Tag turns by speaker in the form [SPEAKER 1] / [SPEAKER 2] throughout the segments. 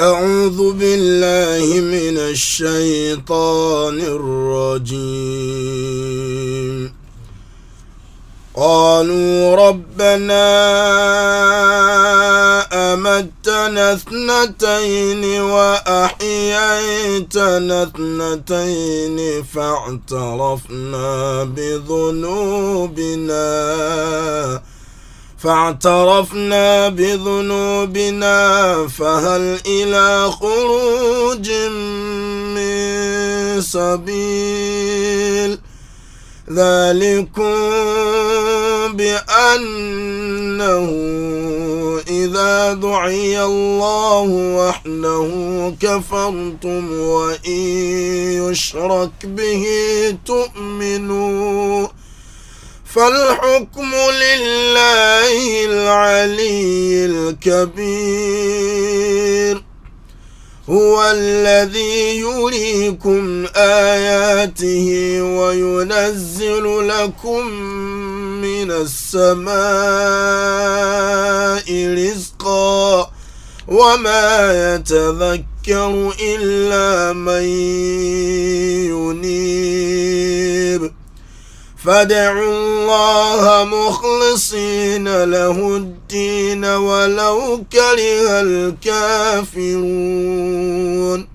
[SPEAKER 1] أعوذ بالله من الشيطان الرجيم قالوا ربنا أمتنا اثنتين وأحييتنا اثنتين فاعترفنا بذنوبنا فاعترفنا بذنوبنا فهل إلى خروج من سبيل ذلكم بأنه إذا دعي الله وحده كفرتم وإن يشرك به تؤمنون فالحكم لله العلي الكبير هو الذي يريكم آياته وينزل لكم من السماء رزقا وما يتذكر إلا من ينيب فادعوا الله مخلصين له الدين ولو كره الكافرون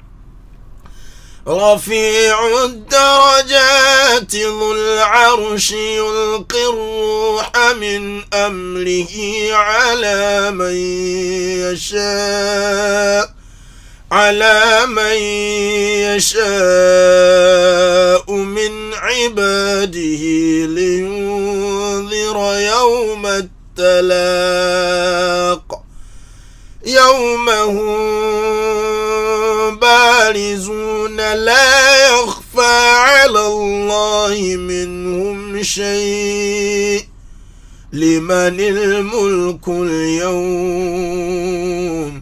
[SPEAKER 1] رفيع الدرجات ذو العرش يلقي الروح من أمره على من يشاء على من يشاء الطلاق يوم هم بارزون لا يخفى على الله منهم شيء لمن الملك اليوم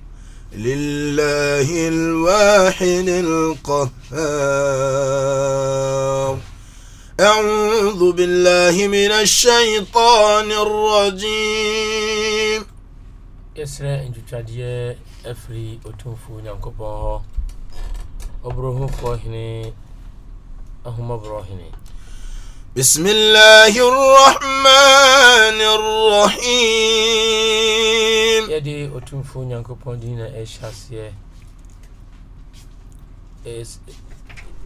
[SPEAKER 1] لله الواحد القهار أعوذ بالله من الشيطان
[SPEAKER 2] الرجيم يسرى إن تجدي أفري أتوفو نعكبا أبره فهني أهم أبروهني بسم الله الرحمن الرحيم يدي أتوفو نعكبا دينا إشاسيه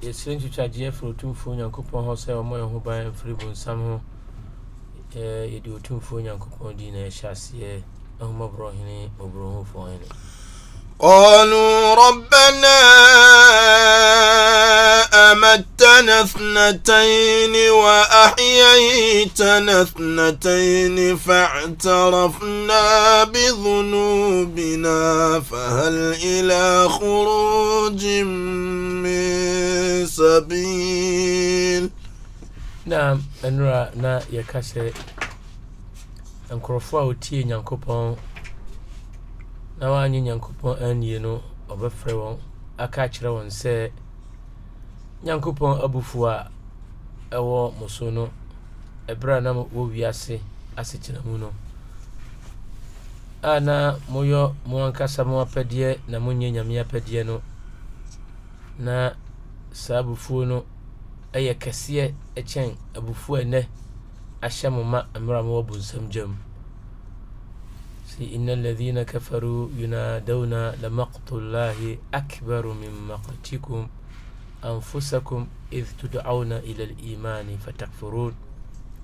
[SPEAKER 2] yɛsrɛ ntwitwagyeɛ firi otumfuo nyankopɔn hɔ sɛ ɔmɔ yɛn ho ban firi bonsam ho yɛde otumfuo nyankopɔn din na ɛhyɛ aseɛ ahomɔborɔ hene ɔborɔhofoɔ hene
[SPEAKER 1] قالوا ربنا أمتنا اثنتين وأحييتنا اثنتين فاعترفنا بذنوبنا فهل إلى خروج من سبيل
[SPEAKER 2] نعم أنرى نا يكاسي nkurɔfoɔ وتي wɔtie nyankopɔn na wɔanye nyankopɔn anie no ɔbɛfrɛ nyankopɔn abufuo a ɛwɔ mo so no ɛberɛ a na wɔ wiase asekyerɛ mu no a na moyɔ mo ankasa mo apɛdeɛ na monyɛ nyame apɛdeɛ no na saa abufuo no ɛyɛ kɛseɛ ɛkyɛn abufuo ɛnɛ ahyɛ mo ma mmerɛ a mowɔ bonsam gyam إن الذين كفروا ينادون لمقت الله أكبر من مقتكم أنفسكم إذ تدعون إلى الإيمان فتكفرون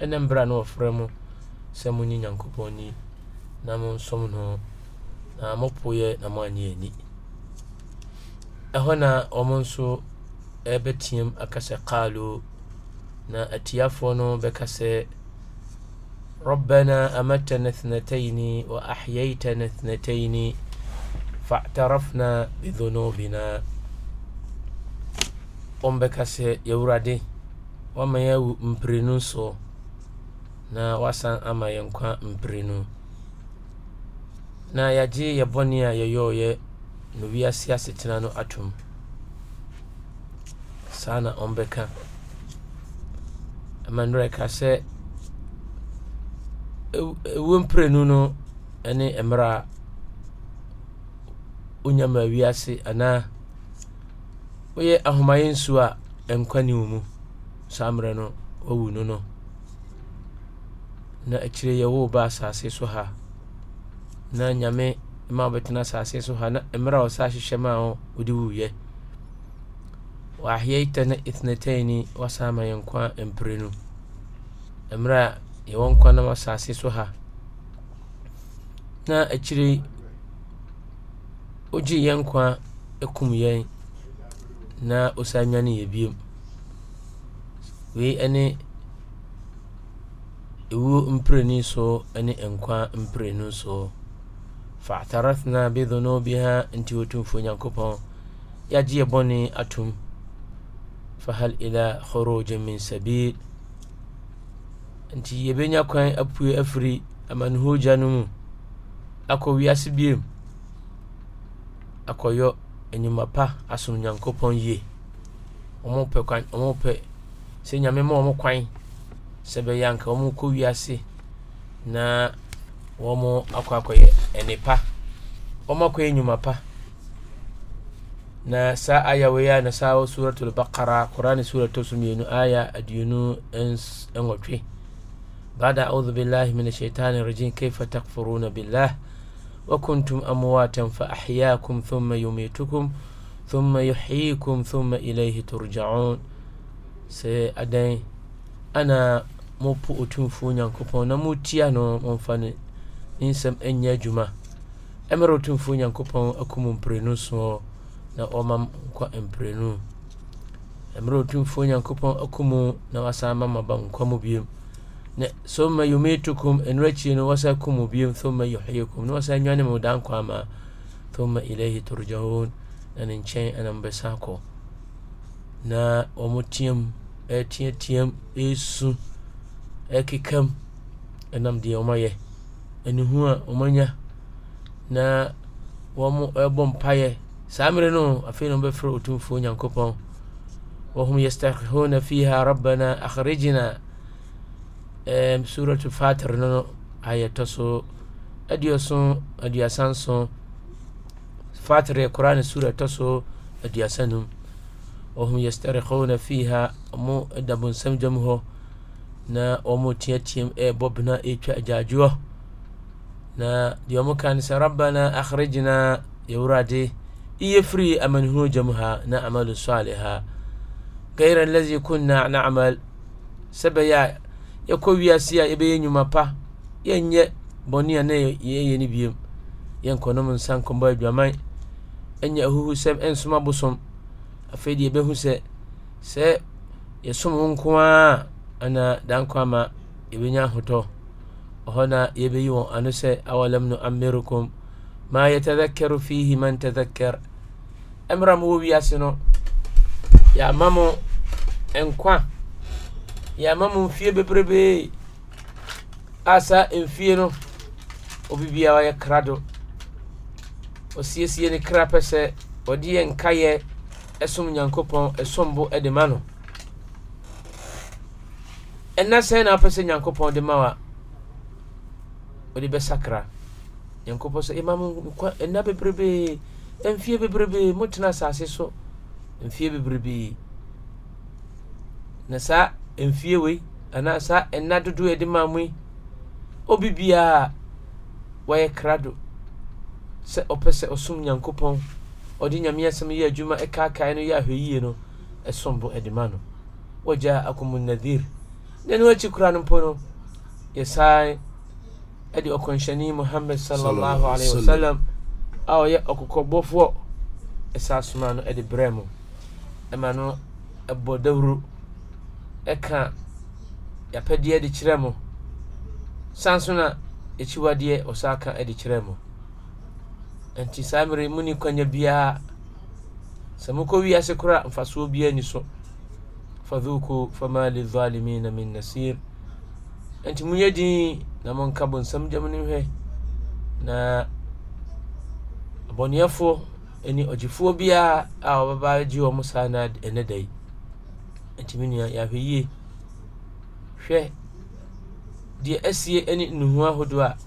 [SPEAKER 2] أنا برا نو فرمو سموني نانكوبوني نامون سمونو نامو بوية نامو أنيني أهنا أمونسو ɛbɛteam aka sɛ qalo na atiafoɔ no bɛka sɛ ربنا أمتنا اثنتين وأحييتنا اثنتين فاعترفنا بذنوبنا ɔmbɛka sɛ yɛwurade wama yɛawu mprenu soɔ na wasan ama yɛn kwa mprenu na yɛagye yɛ bɔne a yɛyɔɔyɛ no wiase asetena no atom saa na ɔmbɛka ɛma nnerɛ ka sɛ ɛwu mprenu no ɛne mmerɛ a onyama wiase anaa woyɛ ahomayɛ nsuo a ɛnkwa ne wo mu saa mmerɛ no wawu no no na akyire yɛwo ba asase so ha na nyame ma wobɛtena asase so ha na mmerɛ a ɔsa hyehyɛ ma a wode wuyɛ wɔaheɛita na ithnataini wasa ama yɛ nkwa mpere no mmerɛ a yɛwɔ nkwa nam asase so ha na akyire wogye yɛn nkwa yɛn na ɔsan nyane yɛ biom wei ne ɛwuo mprenu so ne nkwa mprenu so bi bidhunubiha nti ɔtumfo nyankopɔn yɛagye yɛ bɔne atom fahal ila khorogin min sabil nti yɛbɛnya kwan apue afiri amanehogya no mu akɔ wiase biom akɔyɔ enyima pa asom nyankopɔn yie ɔmo pɛ kwan ɔmo pɛ sɛ nyame ma ɔmo kwan sɛ bɛyɛ anka ɔmo kɔ wiase na ɔmo akɔ akɔyɛ nipa ɔmo akɔyɛ enyima pa na saa aya wei a na saa wɔ suratul baqara koraa ne sura tɔ so mmienu aya aduonu nwɔtwe bada audhu billahi min ashaitani rajim kaifa takfuruna billah wa kuntum amwatan fa ahyaakum thumma yumitukum thumma yuhyikum thumma ilayhi turja'un sɛ adan ana mopo otumfuo nyankopɔn na motia no momfa no ne nsɛm ɛnyɛ adwuma ɛmmerɛ e otumfuo nyankopɔn akum mprenu soɔ na ɔma nkwa mprenu ɛmmerɛ e otumfuo nyankopɔn akumu na wasan ma maba nkwa mu biom ثم يميتكم enrɛkyi no wasa kɔ mu biom thumma yuhyikum na wasa nwane mu dan kɔ ama thumma ilayhi turjaun na ne nkyɛn ana mobɛsa kɔ na ɔmo team ɛteateam ɛsu ɛkekam ɛnam deɛ ɔmo ayɛ ɛne hu a ɔmo anya na wɔmo ɛbɔ mpayɛ saa mmerɛ no afei na ɔbɛfrɛ otumfuo nyankopɔn wɔhom yastakihuna fiha rabbana akhrijna um, suratu fatir no ayɛ so aduoson aduasa nson fatir yɛ koraa ne sura tɔ so aduasa num na fi ha ɔmo da bonsam dwam hɔ na ɔmo e teateam ɛɛbɔ bena ɛtwa agyaadwoɔ na deɛ ɔmo ka ne sɛ ya akhrijna yɛwurade iye firi amanhunu dwam ha na amalu ha gairan lazi kunna na'mal sɛ bɛyɛ yɛkɔ wiase a yɛbɛyɛ nnwuma pa yɛnyɛ bɔne a na yɛyɛ no biam yɛnkɔnom nsa nkɔmbɔ adwaman ɛnyɛ ahuhu sɛm ɛnsom abosom afei deɛ yɛbɛhu sɛ sɛ yɛsom wo nko a anaa danko ama yɛbɛnya ahotɔ ɔhɔ na yɛbɛyi wɔn ano sɛ awalam no amerukum ma yɛtadhakaru fihi man tadhakkar ɛmmra mowɔ wiase no yɛama mo nkwa yɛama mu mfie bebrebee a saa mfie no obi biara yɛ kra do ɔsiesie ne kra pɛ sɛ ɔde yɛ nkayɛ ɛsom nyankopɔn ɛsom bo ɛde ma no ɛna sɛn na apɛ sɛ nyankopɔn de ma wa ɔde bɛsakra nyankopɔn sɛ ɛma mu nkwa ɛna bebrebee mfie bebrebee motena asase so mfie bebrebee na saa mfie wei anaa saa ɛnna dodoɔ yɛde maa mu yi obi biara wɔyɛ krado sɛ ɔpɛ sɛ ɔsom nyankopɔn ɔde nyame asɛm yɛ adwuma ɛkaakae no yɛ ahwɛyie no ɛsom bo ɛde ma no wɔgya akomu nadir na no akyi kora no mpo no yɛsae ɛde ɔkɔnhyɛne muhammad sallallahu alaihi wasallam a ɔyɛ ɔkɔkɔbɔfoɔ ɛsaa soma no ɛde brɛ mu ɛma no ɛbɔ dawuro ɛka yɛapɛdeɛ de kyerɛ mo san so na akyiwadeɛ ɔsa ka de kyerɛ mo nti saa mmere mu ni kwanya biara sɛ mokɔ wiase kora mfasoɔ biara ni so fadhuku fama lidhalimina min nasir nti monyɛ din na monka bonsam gyam no hwɛ na abɔneɛfoɔ ɛne ɔgyefoɔ biara a ɔbɛba gye wɔ mo saa na ɛnɛ da nti me nua yɛahwɛ yie hwɛ deɛ asie ne nnuhu ahodoɔ a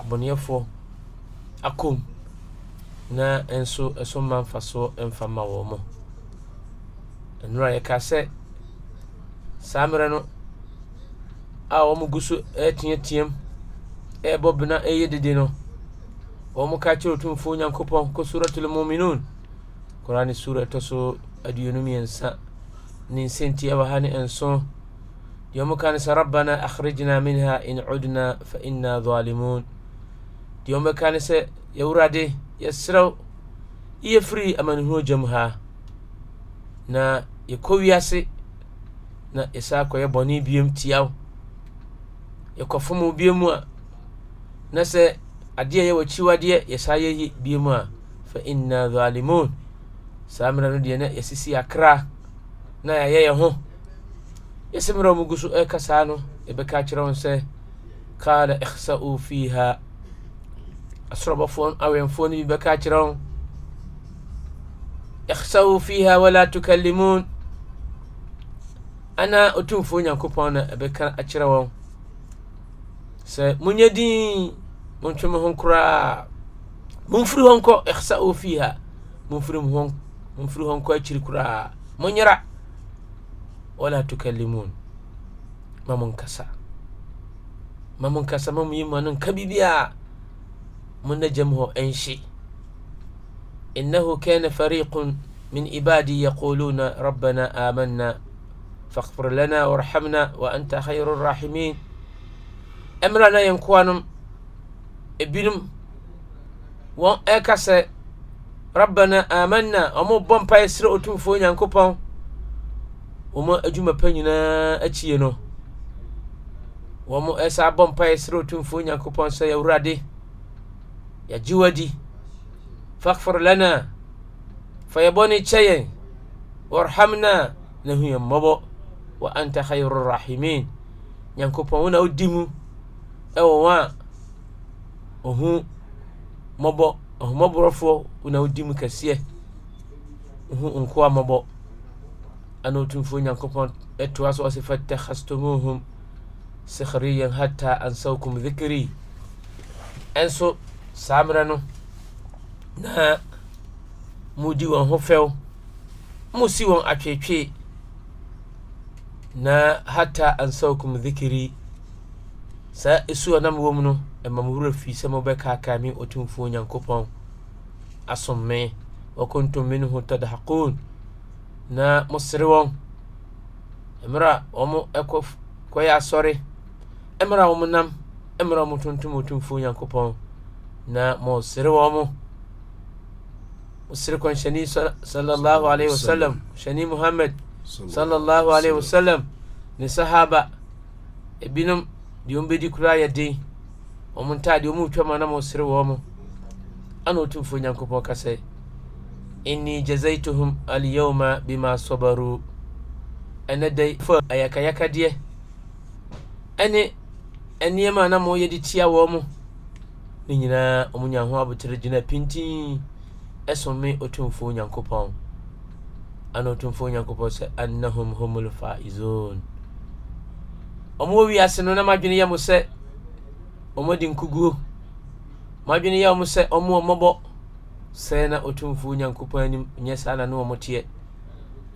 [SPEAKER 2] abɔneɛfoɔ akɔm na nso ɛso mma mfasoɔ mfa ma wɔn mo nnora yɛka sɛ saa mmerɛ no a wɔn gu so reteateam ɛrebɔ bena ɛyɛ dede no wɔn ka kyerɛ otumfoɔ nyankopɔn kɔ suratul muminun koraa ne sura ɛtɔ so aduonu mmiɛnsa ninsinti yaba hani enso diomu kani sa rabbana akhrijna minha in udna fa inna zalimun diomu kani sa yawrade yasraw iya firi amani huo jamuha na yakowiase na isa ko boni biyam tiyaw ya ko fumu biyamu na se adiya ya wachi wadiya ya sa ya fa inna zalimun samira nudiyana ya sisi akra na yɛyɛ yɛn ho yɛsɛmmerɛ mu gu so ɛka saa no yɛbɛka kyerɛ wɔn sɛ kala ihsau fiha asorɔbɔfoɔ awɛmfoɔ no bi bɛka kyerɛ wɔn ihsau fiha wala tukallimun ana ɔtumfoɔ nyankopɔn na ɛbɛka akyerɛ wɔn sɛ monyɛ din montwe mo ho koraa momfiri hɔ nkɔ ihsau fiha momfiri hɔ nkɔ akyiri koraa monyera ولا تكلمون ما من كسا ما من كسا ما من يمان كبيبيا من نجمه أنشي إنه كان فريق من عبادي يقولون ربنا آمنا فاغفر لنا وارحمنا وأنت خير الراحمين أمرنا ينكوانم ابنم وأكسا ربنا آمنا أمو بمبا يسر أتم فوين ينكوبان wɔn adwumapɛ nyinaa akyie no wɔn ɛsa abɔ mpaeɛ srɛ otumfoɔ nyankopɔn sɛ yɛwurade yɛgye wadi fakfor lana fa yɛbɔne kyɛ yɛn warhamna na hu yɛn mmɔbɔ wa anta khairu rahimin nyankopɔn wo na wodi mu ɛwɔ wɔn a ɔhu mmɔbɔ ɔhumɔborɔfoɔ wo na wodi mu kɛseɛ hu nkoa mmɔbɔ ana ɔtumfoɔ nyankopɔn ɛtoa so ɔse fatahastumuhum sikhriyan hatta ansaukum dhikri ɛnso saa mmerɛ no na mudi wɔn ho fɛw musi wɔn atwetwe na hatta ansaukum dhikri saa ɛsuwa na mewɔ mu no ɛma mo werɛ fii sɛ mobɛkaakaa me ɔtumfoɔ nyankopɔn asom me wakuntum minhu tadhaqun na mosere wɔn mmerɛ a wɔn ɛkɔ kɔyɛ asɔre mmerɛ a wɔn nam mmerɛ a wɔn tuntum otumfuo nyankopɔn na mosere wɔn mo mosere kɔnhyɛni sallallahu alaihi wasallam hyɛni muhammad sallallahu alaihi wasallam ne sahaba ebinom deɛ wɔn bɛdi kura yɛ den wɔn ntaadeɛ wɔn retwa mu na mosere wɔn mo ana otumfuo nyankopɔn kasa yi. inni jazaituhum alyawma bima sabaru ɛnɛ dai fa ayakayakadeɛ ɛne nneɛma a na mo yɛ de tia wɔn mo ne nyinaa wɔn nya ho abotire gyina pintin ɛsome otumfuo nyankopɔn ana otumfuo nyankopɔn sɛ annahum humul faizun wɔn wɔ wiase no na madwene yɛ mo sɛ wɔn adi nkuguo madwene yɛ mo sɛ wɔn wɔmmɔbɔ sɛɛ na ɔtumfuo nyankopɔn anim nyɛ saa na ne wɔ mo teɛ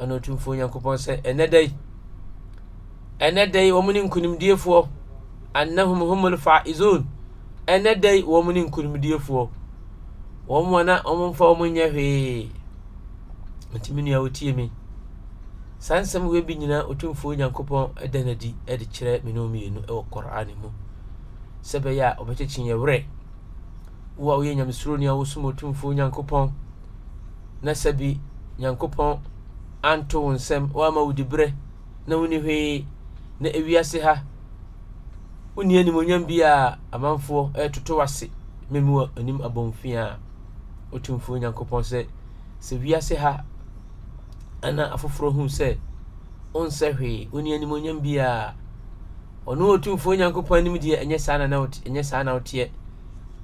[SPEAKER 2] ɛna ɔtumfuo nyankopɔn sɛ ɛnɛ dɛi ɛnɛ dɛi wɔ ne nkonimdiefoɔ annahum humul faizun ɛnɛ dɛi wɔ mo ne nkonimdiefoɔ wɔn mu ana wɔn mfa wɔn nyɛ hwee nti mi nua wotie mi saa nsɛm wo bi nyinaa ɔtumfuo nyankopɔn ɛda no adi ɛde kyerɛ me ne mmienu ɛwɔ kɔrɔane mu sɛ bɛyɛ a ɔbɛkyekye yɛ werɛ wo a woyɛ nyamesuroni a wosom otumfuo nyankopɔn na sɛ bi nyankopɔn anto wo nsɛm woama wodi berɛ na woni hwee na ewiase ha wonni animonyam bi a amanfoɔ ɛtoto wase memi wɔ anim abɔmfi a otumfuo nyankopɔn sɛ sɛ wiase ha ana afoforɔ hu sɛ ɔnsɛ hwee wonni animonyam bi a ɔno otumfuo nyankopɔn anim deɛ ɛnyɛ saa na na ɛnyɛ saa na woteɛ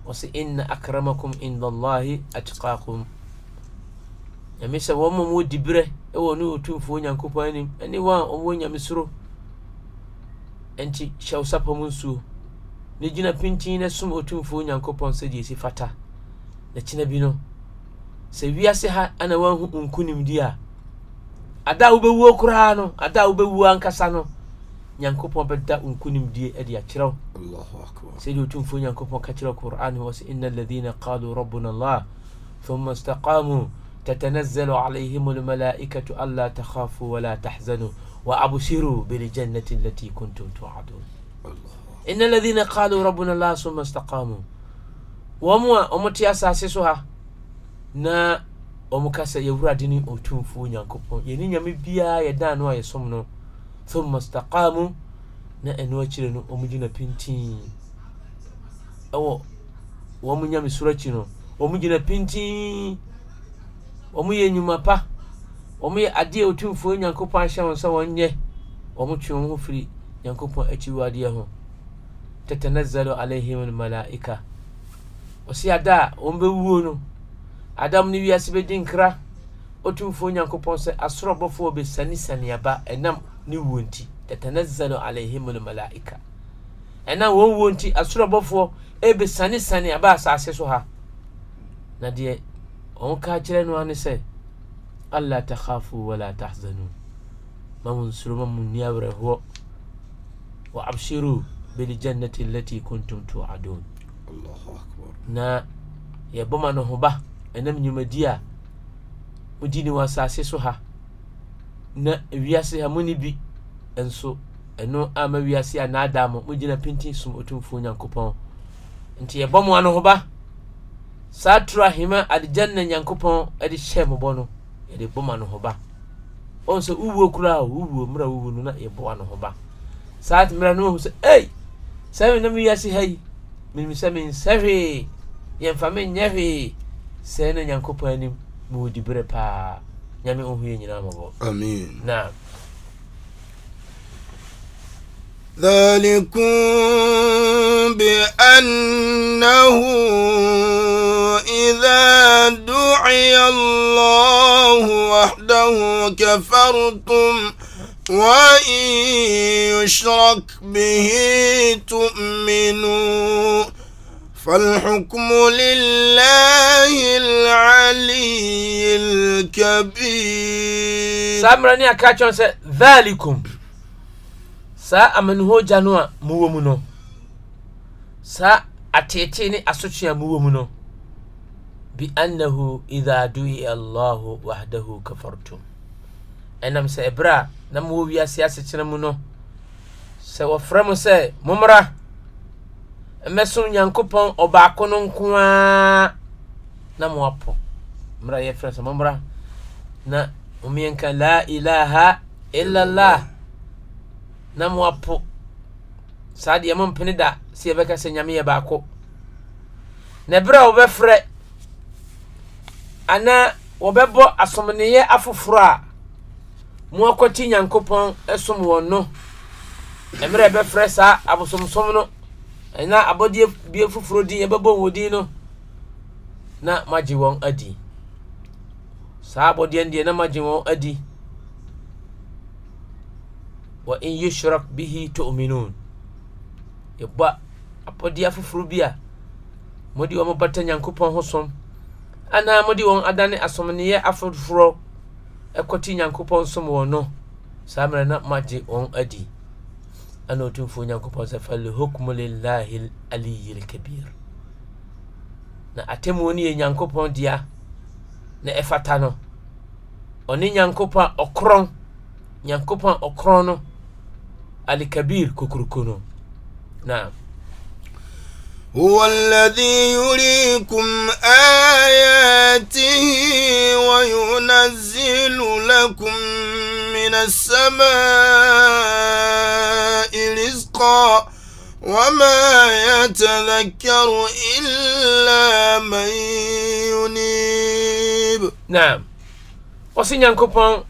[SPEAKER 2] ɔsɛ inna akramakum indallahi atqakum nyame sɛ wɔn mom wɔdi berɛ ɛwɔ ne ɔtumfoɔ nyankopɔn anim ɛne wɔn a ɔwɔ nyame soro ɛnti hyɛ wo sapa mu nsuo ne gyina pintin na som ɔtumfoɔ nyankopɔn sɛdeɛ ɛsi fata na kyena bi no sɛ wiase ha ana woahu nkonimdi a ada a wobɛwuo koraa no ada a wobɛwuo ankasa no nyankopɔn bɛda wo nkonimdie ɛde akyerɛ wo sɛdeɛ ɔtumfoɔ nyankopɔn ka kyerɛ qur'an hɔ sɛ inna alladhina qalu rabbuna allah ثم استقاموا تتنزل عليهم الملائكة ألا تخافوا ولا تحزنوا وأبشروا بالجنة التي كنتم توعدون إن الذين قالوا ربنا الله ثم استقاموا وموا أمتي أساسسها نا أمكاس يورا ديني أتوم فو نيانكوبون يني نيامي بيا يدانوا يسمنو ثم istaqamu na ɛno akyire no ɔmo gyina pintin ɛwɔ wɔn mo nyame soro akyi no ɔmo gyina pintin ɔmo yɛ nnwuma pa ɔmo yɛ adeɛ otumfuo nyankopɔn ahyɛ wɔn sɛ wɔnyɛ ɔmo twe wɔn ho firi nyankopɔn akyiwadeɛ ho tatanazzalu alaihim almalaika ɔsi ada a wɔn bɛwuo no adam ne wiase bɛdi nkra otumfuo nyankopɔn sɛ asorɔbɔfoɔ bɛsane saneaba ɛnam ne wuo nti tatanazzalu alaihim almalaika asura bofo e be asorɔbɔfoɔ ɛbɛsanesane aba asase so ha na deɛ on ka kire no ane sɛ alla takhafu wala tahzanu ma mo suru ma mo wa abshiru jannati allati kuntum tuadun na ya bama no ho ba enam nnwumadi a mudini ne asase so ha na wiase ha mu ne bi nso ɛno ama wiase a naadaa mo mogyina pinti som otumfuo nyankopɔn nti yɛbɔ mo ano ho ba saa toro ahema adegyanna nyankopɔn de hyɛ mo bɔ no yɛde bɔ ma no ho ba ɔn sɛ wowuo koraa o wowuo mmerɛ wowuo no na yɛboa no ho ba saa mmerɛ no ɔhu sɛ ei sɛ me nam wiase ha yi menim sɛ mensɛ hwee yɛmfa menyɛ hwee sɛɛ na nyankopɔn anim mewɔ diberɛ paa nyame ɔhu yɛ nyinaa mɔbɔ ذلكم
[SPEAKER 1] بأنه إذا دعي الله وحده كفرتم وإن يشرك به تؤمنون
[SPEAKER 2] فالحكم لله العلي الكبير سامرني اكاتشون سي ذلكم سا امن هو جانوا موومنو سا اتيتيني اسوتيا موومنو بانه اذا دعي الله وحده كفرتم انم سي ابرا نمو وياسياسي تشنمو نو سي وفرمو سي ممره mɛsom nyankopɔn ɔbaako no nko ara na moapɔ mmra yɛfrɛ sɛ mommra na momeɛnka la ilaha illallah na moapo saa deɛ mompene da sɛ yɛbɛka sɛ nyame yɛ baako na ɛberɛ a wɔbɛfrɛ anaa wɔbɛbɔ asomneyɛ afoforɔ a moakɔkyi nyankopɔn som wɔn no mmerɛ ɛbɛfrɛ saa abosomsom no na abɔdeɛ bie foforɔ din yɛbɛbɔ wɔn din no na magye wɔn adi saa abɔdeɛ no deɛ na magye wɔn adi wɔ in yushrak bihi tu'minun yɛbɔ abɔdeɛ foforɔ bi a mode wɔn bata nyankopɔn ho som anaa mode wɔn adane asomneɛ afoforɔ ɛkɔte nyankopɔn som wɔn no saa mmerɛ na magye wɔn adi ana ɔtumfoɔ onyankopɔn sɛ falhukmu lillahi aliyi lkabir na atemmuo no yɛ nyankopɔn dea na ɛfata no ɔne nyankopɔn a ɔkorɔn nyankopɔn ɔkorɔn no alikabir kokuroko no naam هو الذي يريكم آياته
[SPEAKER 1] وينزل لكم من السماء رزقا وما يتذكر
[SPEAKER 2] إلا من ينيب نعم ɔsi nyankopɔn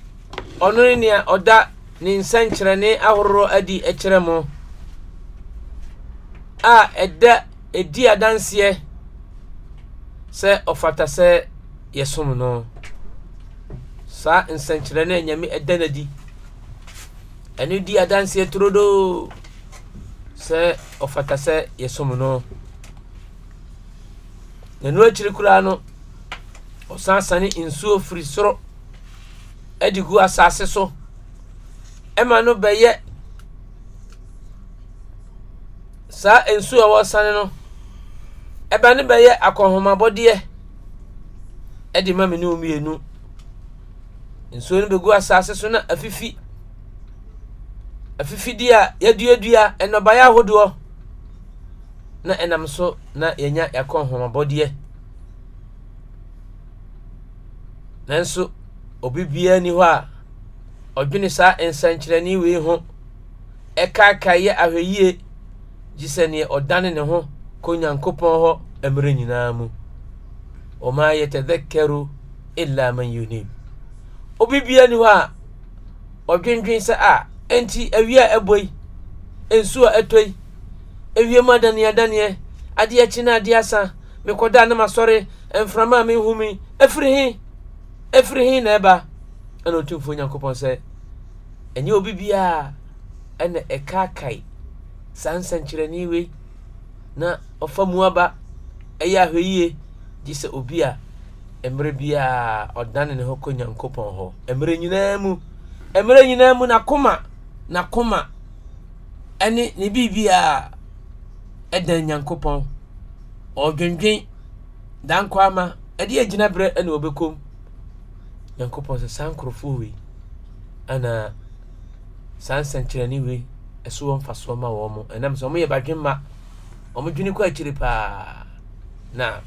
[SPEAKER 2] ɔno ne nea ɔda ne nsɛnkyerɛnne ahoroɔ adi akyerɛ mu a ɛda ɛdi adanseɛ sɛ ɔfata sɛ yɛsom no saa nsɛnkyerɛ no nyame ɛda no adi ɛno di adanseɛ turodoo sɛ ɔfata sɛ yɛsom no nanu akyiri koraa no ɔsan sane nsuo firi soro ɛde gu asase so ɛma no bɛyɛ saa nsuo a wɔsane no ɛba no bɛyɛ akɔnhomabɔdeɛ ɛde ma me ne wo nsuo no bɛgu asase so na afifi afifidi a yɛduadua nnɔbaeɛ ahodoɔ na ɛnam so na yɛnya yɛakɔ nhomabɔdeɛ nanso obi biara ni hɔ a ɔdwene saa nsɛnkyerɛnne wei ho ɛkaakae yɛ ahwɛyie gye sɛ neɛ ɔdane ne ho kɔ nyankopɔn hɔ mmerɛ nyinaa mu ɔma yɛtadhakaru illa man yunib obi bia ni hɔ a ɔdwendwen sɛ a ah, nti awia a ɛbɔ yi nsuo a ɛtɔ yi ewiem adaneɛ adaneɛ adeɛ akyi na adeɛ asa mekɔda na masɔre mframa a mehu mi afiri he afiri he na ɛba ɛna ɔtumfoɔ nyankopɔn sɛ ɛnyɛ obi biaa ɛna ɛkaakae saa nsɛnkyerɛnne wei na ɔfa mu aba ɛyɛ ahwɛ yie gye sɛ obi a mmerɛ biara ɔdane ne ho kɔ nyankopɔn hɔ mmerɛ nyinaa mu mmerɛ nyinaa mu nakoma nakoma ɛne ne biribiara ɛdan nyankopɔn ɔdwendwen danko ama ɛde agyina berɛ ɛne ɔbɛkɔm nyankopɔn sɛ saa nkurɔfoɔ wei ana saa nsɛnkyerɛne wei ɛso wɔ mfasoɔ ma wɔ mo ɛnam sɛ ɔmoyɛ badwemma ɔmodwene kɔ akyiri paa na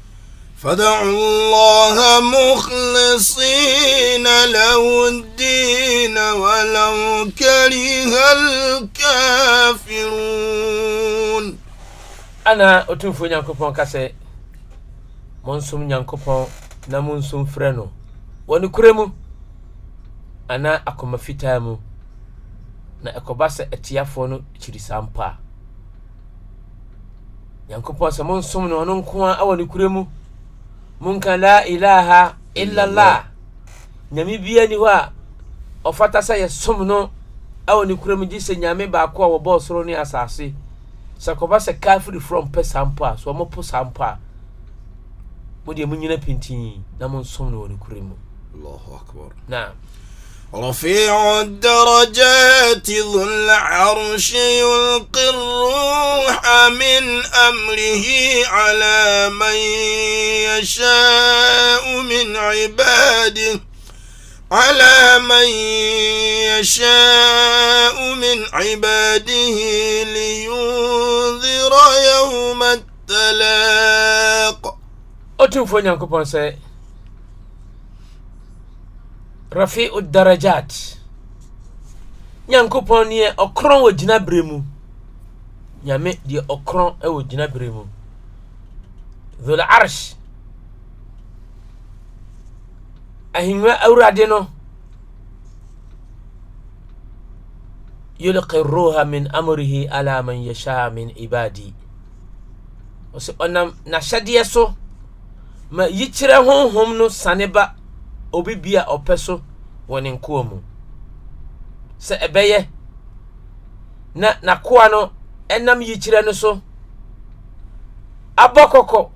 [SPEAKER 2] فدعوا الله مخلصين
[SPEAKER 1] له الدين ولو كره
[SPEAKER 2] الكافرون أنا أتوفو نyankopo كاسي monsum nyankopo نمونسوم فرنو ونكرمو أنا kure mu na ɛkɔba sɛ no kyiri mpa a nyankopɔn sɛ monsom no ɔno nko a awɔ ne kure mu munka la ilaha illallah nyame bia ni hɔ a ɔfata sɛ yɛsom no ɛwɔ ne kurom gye sɛ nyame baako a wɔbɔɔ soro ne asase sɛ kɔba sɛ kafirifoɔ mpɛ saa mpo a sɛ ɔmɔpo saa mpo a modeɛ munyina pintii na monsom no wɔ ne kurom na رفيع الدرجات ذو
[SPEAKER 1] العرش يلقي الروح من أمره على من يشاء من عباده على من يشاء من عباده لينذر يوم
[SPEAKER 2] التلاق أتوفون يا كبار rafi'u darajat nyankopɔn neɛ ɔkorɔn wɔ gyinaberɛ mu nyame deɛ ɔkorɔn wɔ gyinaberɛ mu dhul arsh ahengua awurade no yulqi roha min amrihi ala man yasha min ibadi ɔsɛ ɔnam n'ahyɛdeɛ so ma yikyerɛ honhom no sane ba obi bi a ɔpɛ so wɔ ne nkoa mu sɛ ɛbɛyɛ na nakoa no ɛnam yikyerɛ no so abɔ kɔkɔ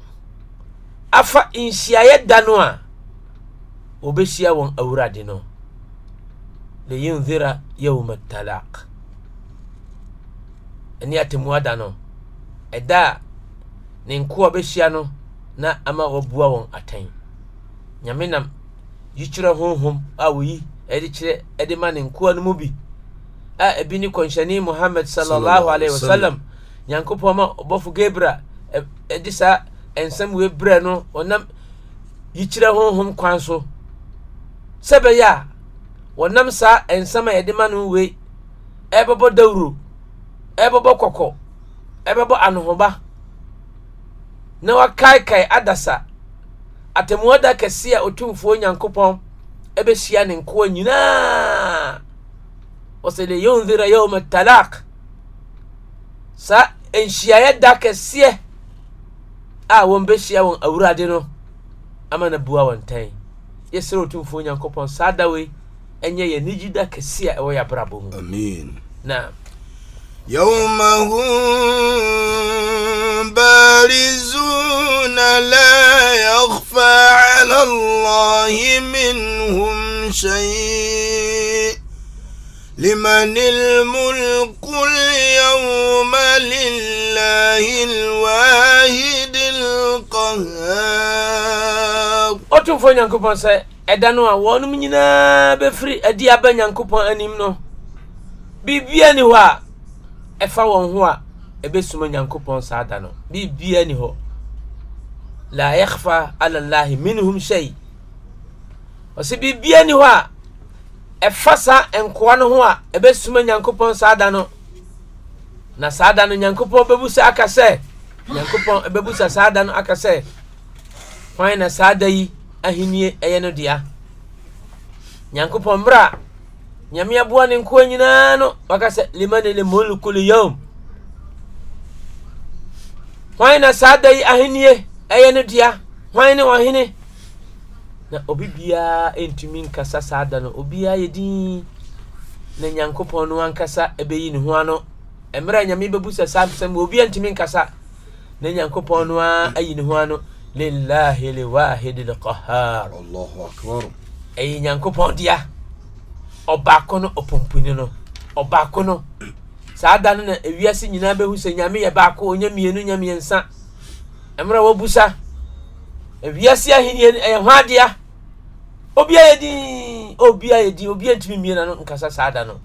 [SPEAKER 2] afa nhyiaeɛ da no a wɔbɛhyia wɔn awurade no leyunzira yawma talaq ɛne atemmu da no ɛda a ne nkoa bɛhyia no na ama wɔabua wɔn atɛn nyame nam yi kyerɛ honhom a woyi ɛde kyerɛ ɛde ma ne nkoa no mu bi a ebi ne kɔnhyɛne muhammad sallallahu alaihi wasallam nyankopɔn ma ɔbɔfo gabra ɛde saa ɛnsɛm wei brɛ no ɔnam yi kyerɛ honhom kwan so sɛ bɛyɛ a wɔnam saa ɛnsɛm a yɛde ma no wei ɛbɛbɔ dawuro ɛbɛbɔ kɔkɔ ɛbɛbɔ anohoba na wakaekae adasa Atemuada kɛse a ɔtumfuo nyankopɔn ɛbɛhyia ne nkoa nyinaa ɔsɛ de yundhira yauma talak saa nhyiaeɛ da kɛseɛ a wɔn bɛhyia wɔn awurade no ama na bua wɔn ntɛn yɛsrɛ ɔtumfuo nyankopɔn saa da wei ɛnyɛ yɛ da kɛseɛ a ɛwɔ mu na يوم هم
[SPEAKER 1] بارزون لا يخفى على الله منهم شيء لمن الملك اليوم لله الواحد
[SPEAKER 2] القهار ɔtumfoɔ nyankopɔn sɛ ɛda no a wɔnom nyinaa bɛfiri adi aba nyankopɔn anim no biribia ni hɔ a ɛfa wɔn ho a ɛbɛsuma nyankopɔn saa da no biribia ni hɔ la yakhfa ala llahi minhum shay ɔsɛ biribia ni hɔ a ɛfa saa nkoa no ho a ɛbɛsuma nyankopɔn saa da no na saa da no nyankopɔn bɛbusa aka sɛ nyankopɔn bɛbusa saa da no aka sɛ hwan na saa da yi ahennie ɛyɛ no dea nyankopɔn mmerɛ a nyame aboa ne nkoa nyinaa no waka sɛ limane le mulku lyawm hwan na saa da yi ahennie ɛyɛ ne dea hwan ne ɔhene na obi biara ntumi nkasa saa da no obiara yɛ din na nyankopɔn no ankasa ɛbɛyi ne ho ano mmerɛ a nyame bɛbu sɛ saa nsɛm obiara ntumi nkasa na nyankopɔn no ara ayi ne ho ano lillahi lwahidi lqahar ɛyɛ nyankopɔn dea ɔbaako no ɔpompuni no ɔbaako no saa da no na ewiase nyinaa bɛhu sɛ nyame yɛ baako onyɛ mmienu nyɛ mmiɛnsa mmerɛ wɔbusa ewiase ahenni ɛyɛ ho adea obi ayɛ din obi ayɛ din obi ntumi mmie na no nkasa saa da no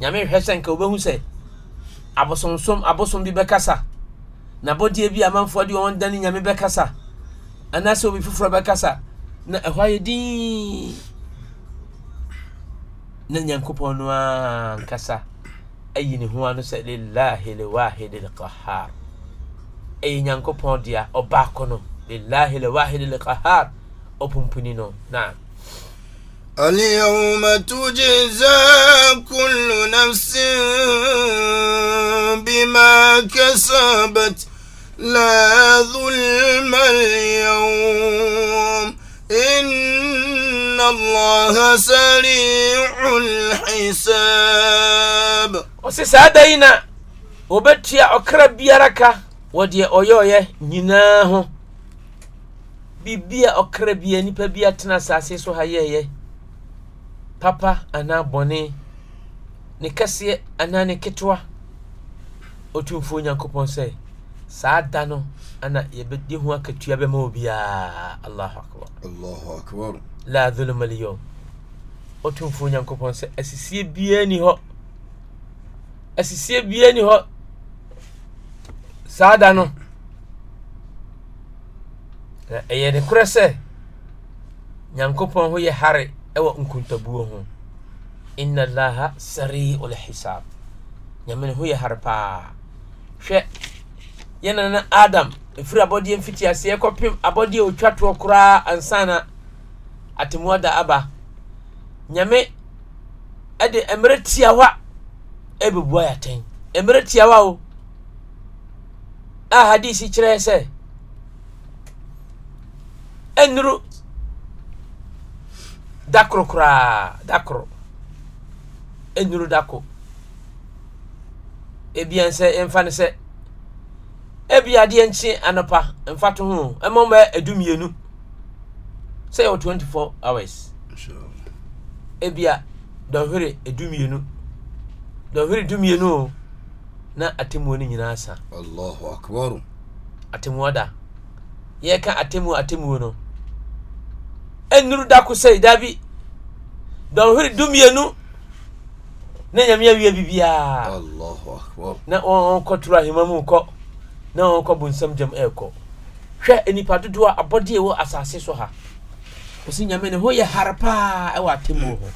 [SPEAKER 2] nyame hwɛ sɛ nka wobɛhu sɛ abosonsom abosom bi bɛkasa na bɔdeɛ bi amanfoɔ de wɔn dane nyame bɛkasa anaasɛ obi foforɔ bɛkasa na ɛhɔ ayɛ din na nyankopɔn no a nkasa ɛyi ne ho ano sɛ lillahi lewahidi lqahar ɛyɛ nyankopɔn dea ɔbaako no lillahi lewahidi lqahar ɔpompuni no na اليوم تجزى كل نفس
[SPEAKER 1] بما كسبت لا ظلم اليوم إن
[SPEAKER 2] الله سريع الحساب ɔse saa da yi na ɔbɛtua ɔkra biara ka wɔ deɛ ɔyɛɔyɛ nyinaa ho biribia ɔkra bia nipa bi atena asase so ha yɛɛyɛ papa anaa bɔne ne kɛseɛ anaa ne ketewa ɔtumfuo nyankopɔn sɛ saa da no ana yɛbɛde ho akatua bɛma wɔ biaa allahu akbar
[SPEAKER 1] allahu akbar
[SPEAKER 2] la dhuluma lyom ɔtumfuo nyankopɔn sɛ asisie biaa ni hɔ asisie bie ni hɔ saa da no na ɛyɛ ne korɛ sɛ nyankopɔn ho yɛ hare ɛwɔ nkuntabuo ho inna laha sari ulhisab nyame ne ho yɛ hare paa hwɛ yɛna na adam ɛfiri abɔdeɛ mfitiaseɛ kɔpem abɔdeɛ ɔtwa toɔ koraa ansana atemmuada aba nyame ɛde mmerɛ tiawa ɛbɛbua yɛ atɛn mmerɛ tiawa o a hadisi kyerɛ sɛ ɛnnuru dakoro koraa dakoro ɛnnuru dako ebien sɛ mfa ne sɛ ebi adeɛ nkye anɔpa mfa to ho ɛmɔ mbɛ edu mmienu sɛ yɛ wɔ twenty four hours ebia dɔhwere edu mmienu dɔhwere dumienu o na atemmuo no nyinaa sa allahu akbar atemmuo da yɛka atemmuo atemmuo no ɛnuru da ko sɛi daabi dɔhwere dumienu na nyame awie bibiaa na ɔnkɔ ahema mu kɔ na ɔnkɔ bonsam gyam ɛɛkɔ e hwɛ nnipa dodoɔ a abɔdeɛ wɔ asase so ha ɔsi nyame ne ho yɛ hare paa ɛwɔ atemmuo ho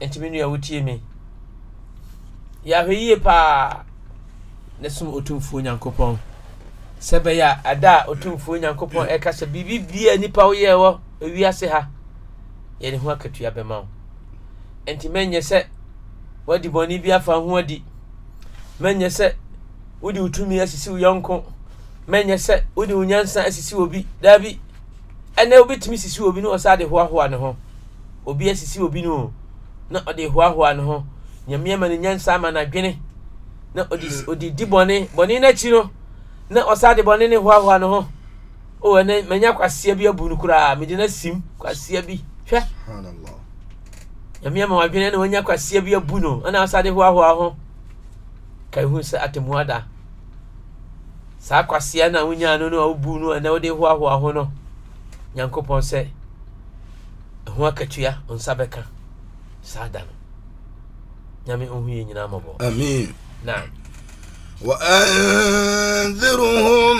[SPEAKER 2] ɛntimi nua wotie me yɛahwɛ yie paa ne som ɔtumfuo nyankopɔn sɛ bɛyɛ a ada a ɔtumfuo nyankopɔn ɛka sɛ biribibia nipa woyɛɛ wɔ ewiase ha yɛde ho akatua bɛma wo ɛnti mɛnyɛ sɛ wadi bɔne bi afa ho adi mɛnyɛ sɛ wode wo tumi asisi wo yɔnko mɛnyɛ sɛ wode wo nyansa asisi obi daabi ɛnɛ wobɛtumi sisi obi no ɔsa de hoahoa ne ho obi asisi obi no na ɔde hoahoa ne ho nyame ama no nyansa ama no adwene na ɔde di bɔne bɔne no akyi no na ɔsa de bɔne ne hoahoa no ho o ɛnɛ manya kwaseɛ bi abu no koraa mede no sim kwaseɛ bi hwɛ nyame ama wadwene na wanya kwaseɛ bi abu no ɛna ɔsa de hoahoa ho ka ɛhu sɛ atemmoa da saa kwaseɛ na wonyaa no no a wobu no ɛnɛ wode hoahoa ho no nyankopɔn sɛ ɛho akatua nsa bɛka saa da no nyame ɔhuye nyinaa mɔbɔ أمين نعم
[SPEAKER 1] وأنذرهم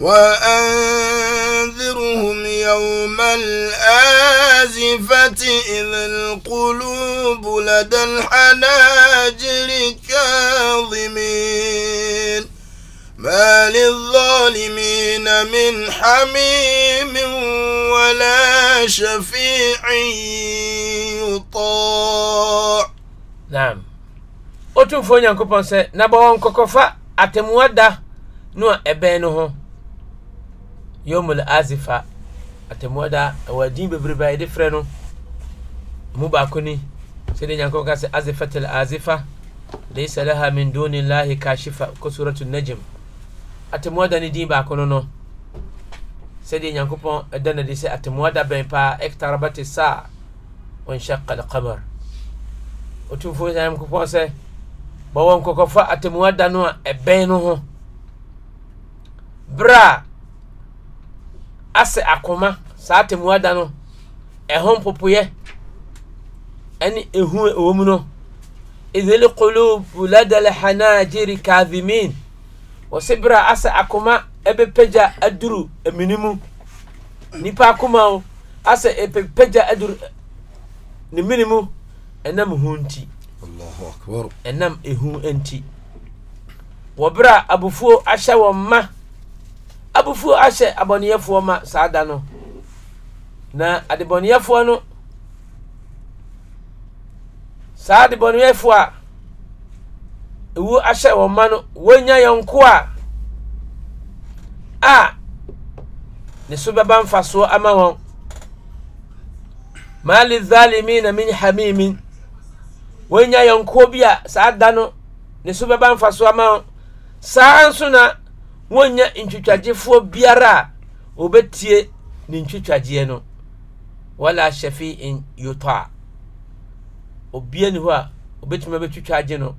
[SPEAKER 1] وأنذرهم يوم الآزفة إذ القلوب لدى الحناجر كاظمين ما للظالمين من حميم ولا
[SPEAKER 2] شفيع يطاع naam otumfoɔ nyankopɔn sɛ na bɔ wɔn kɔkɔfa atemua da no a ɛbɛn no ho yomul azifa atemua da ɛwɔ adin bebrebe a yɛde frɛ no mu baako ni sɛdeɛ nyankopɔn ka sɛ azifatil azifa leisa laha min duni lahi kashifa ko suratu najm atemua da ne din baako no no sɛdeɛ nyankopɔn ɛda no de sɛ atemua da bɛn paa ɛktarabate saa wɔnhyɛ kalkamar ɔtumfoɔ nyame nkopɔn sɛ bɔwɔ nkɔkɔfa atemmuwa da no a ɛbɛn no ho berɛ a asɛ akoma saa atemmuwa da no ɛho mpopoyɛ ɛne ɛhu ɛwɔ mu no idhi lqulub lada lhanagiri kadhimin wɔ se berɛ a asɛ akoma ɛbɛpagya aduru amini mu nipa akoma o asɛ ɛbɛpagya aduru ne mini mu ɛnam hu nti ɛnam ehu nti wɔbrɛ abufuo ahyɛ wɔn ma abufuo ahyɛ abɔneyɛfoɔ ma saa da no na adebɔneyɛfoɔ no saa adebɔneyɛfoɔ a ewu ahyɛ wɔn ma no wonya yɛn ko a a ne so bɛba mfasoɔ ama wɔn maali zaalimi na min hamimin wɔanya yɛnkoɔ bi a saa da no ne so bɛba mfa so ama wo saa nso na wɔnya ntwitwagyefoɔ biara a wɔbɛtie ne ntwitwagyeɛ no wala shafiin yutaa obia ni hɔ a obɛtumi bɛtwitwa agye no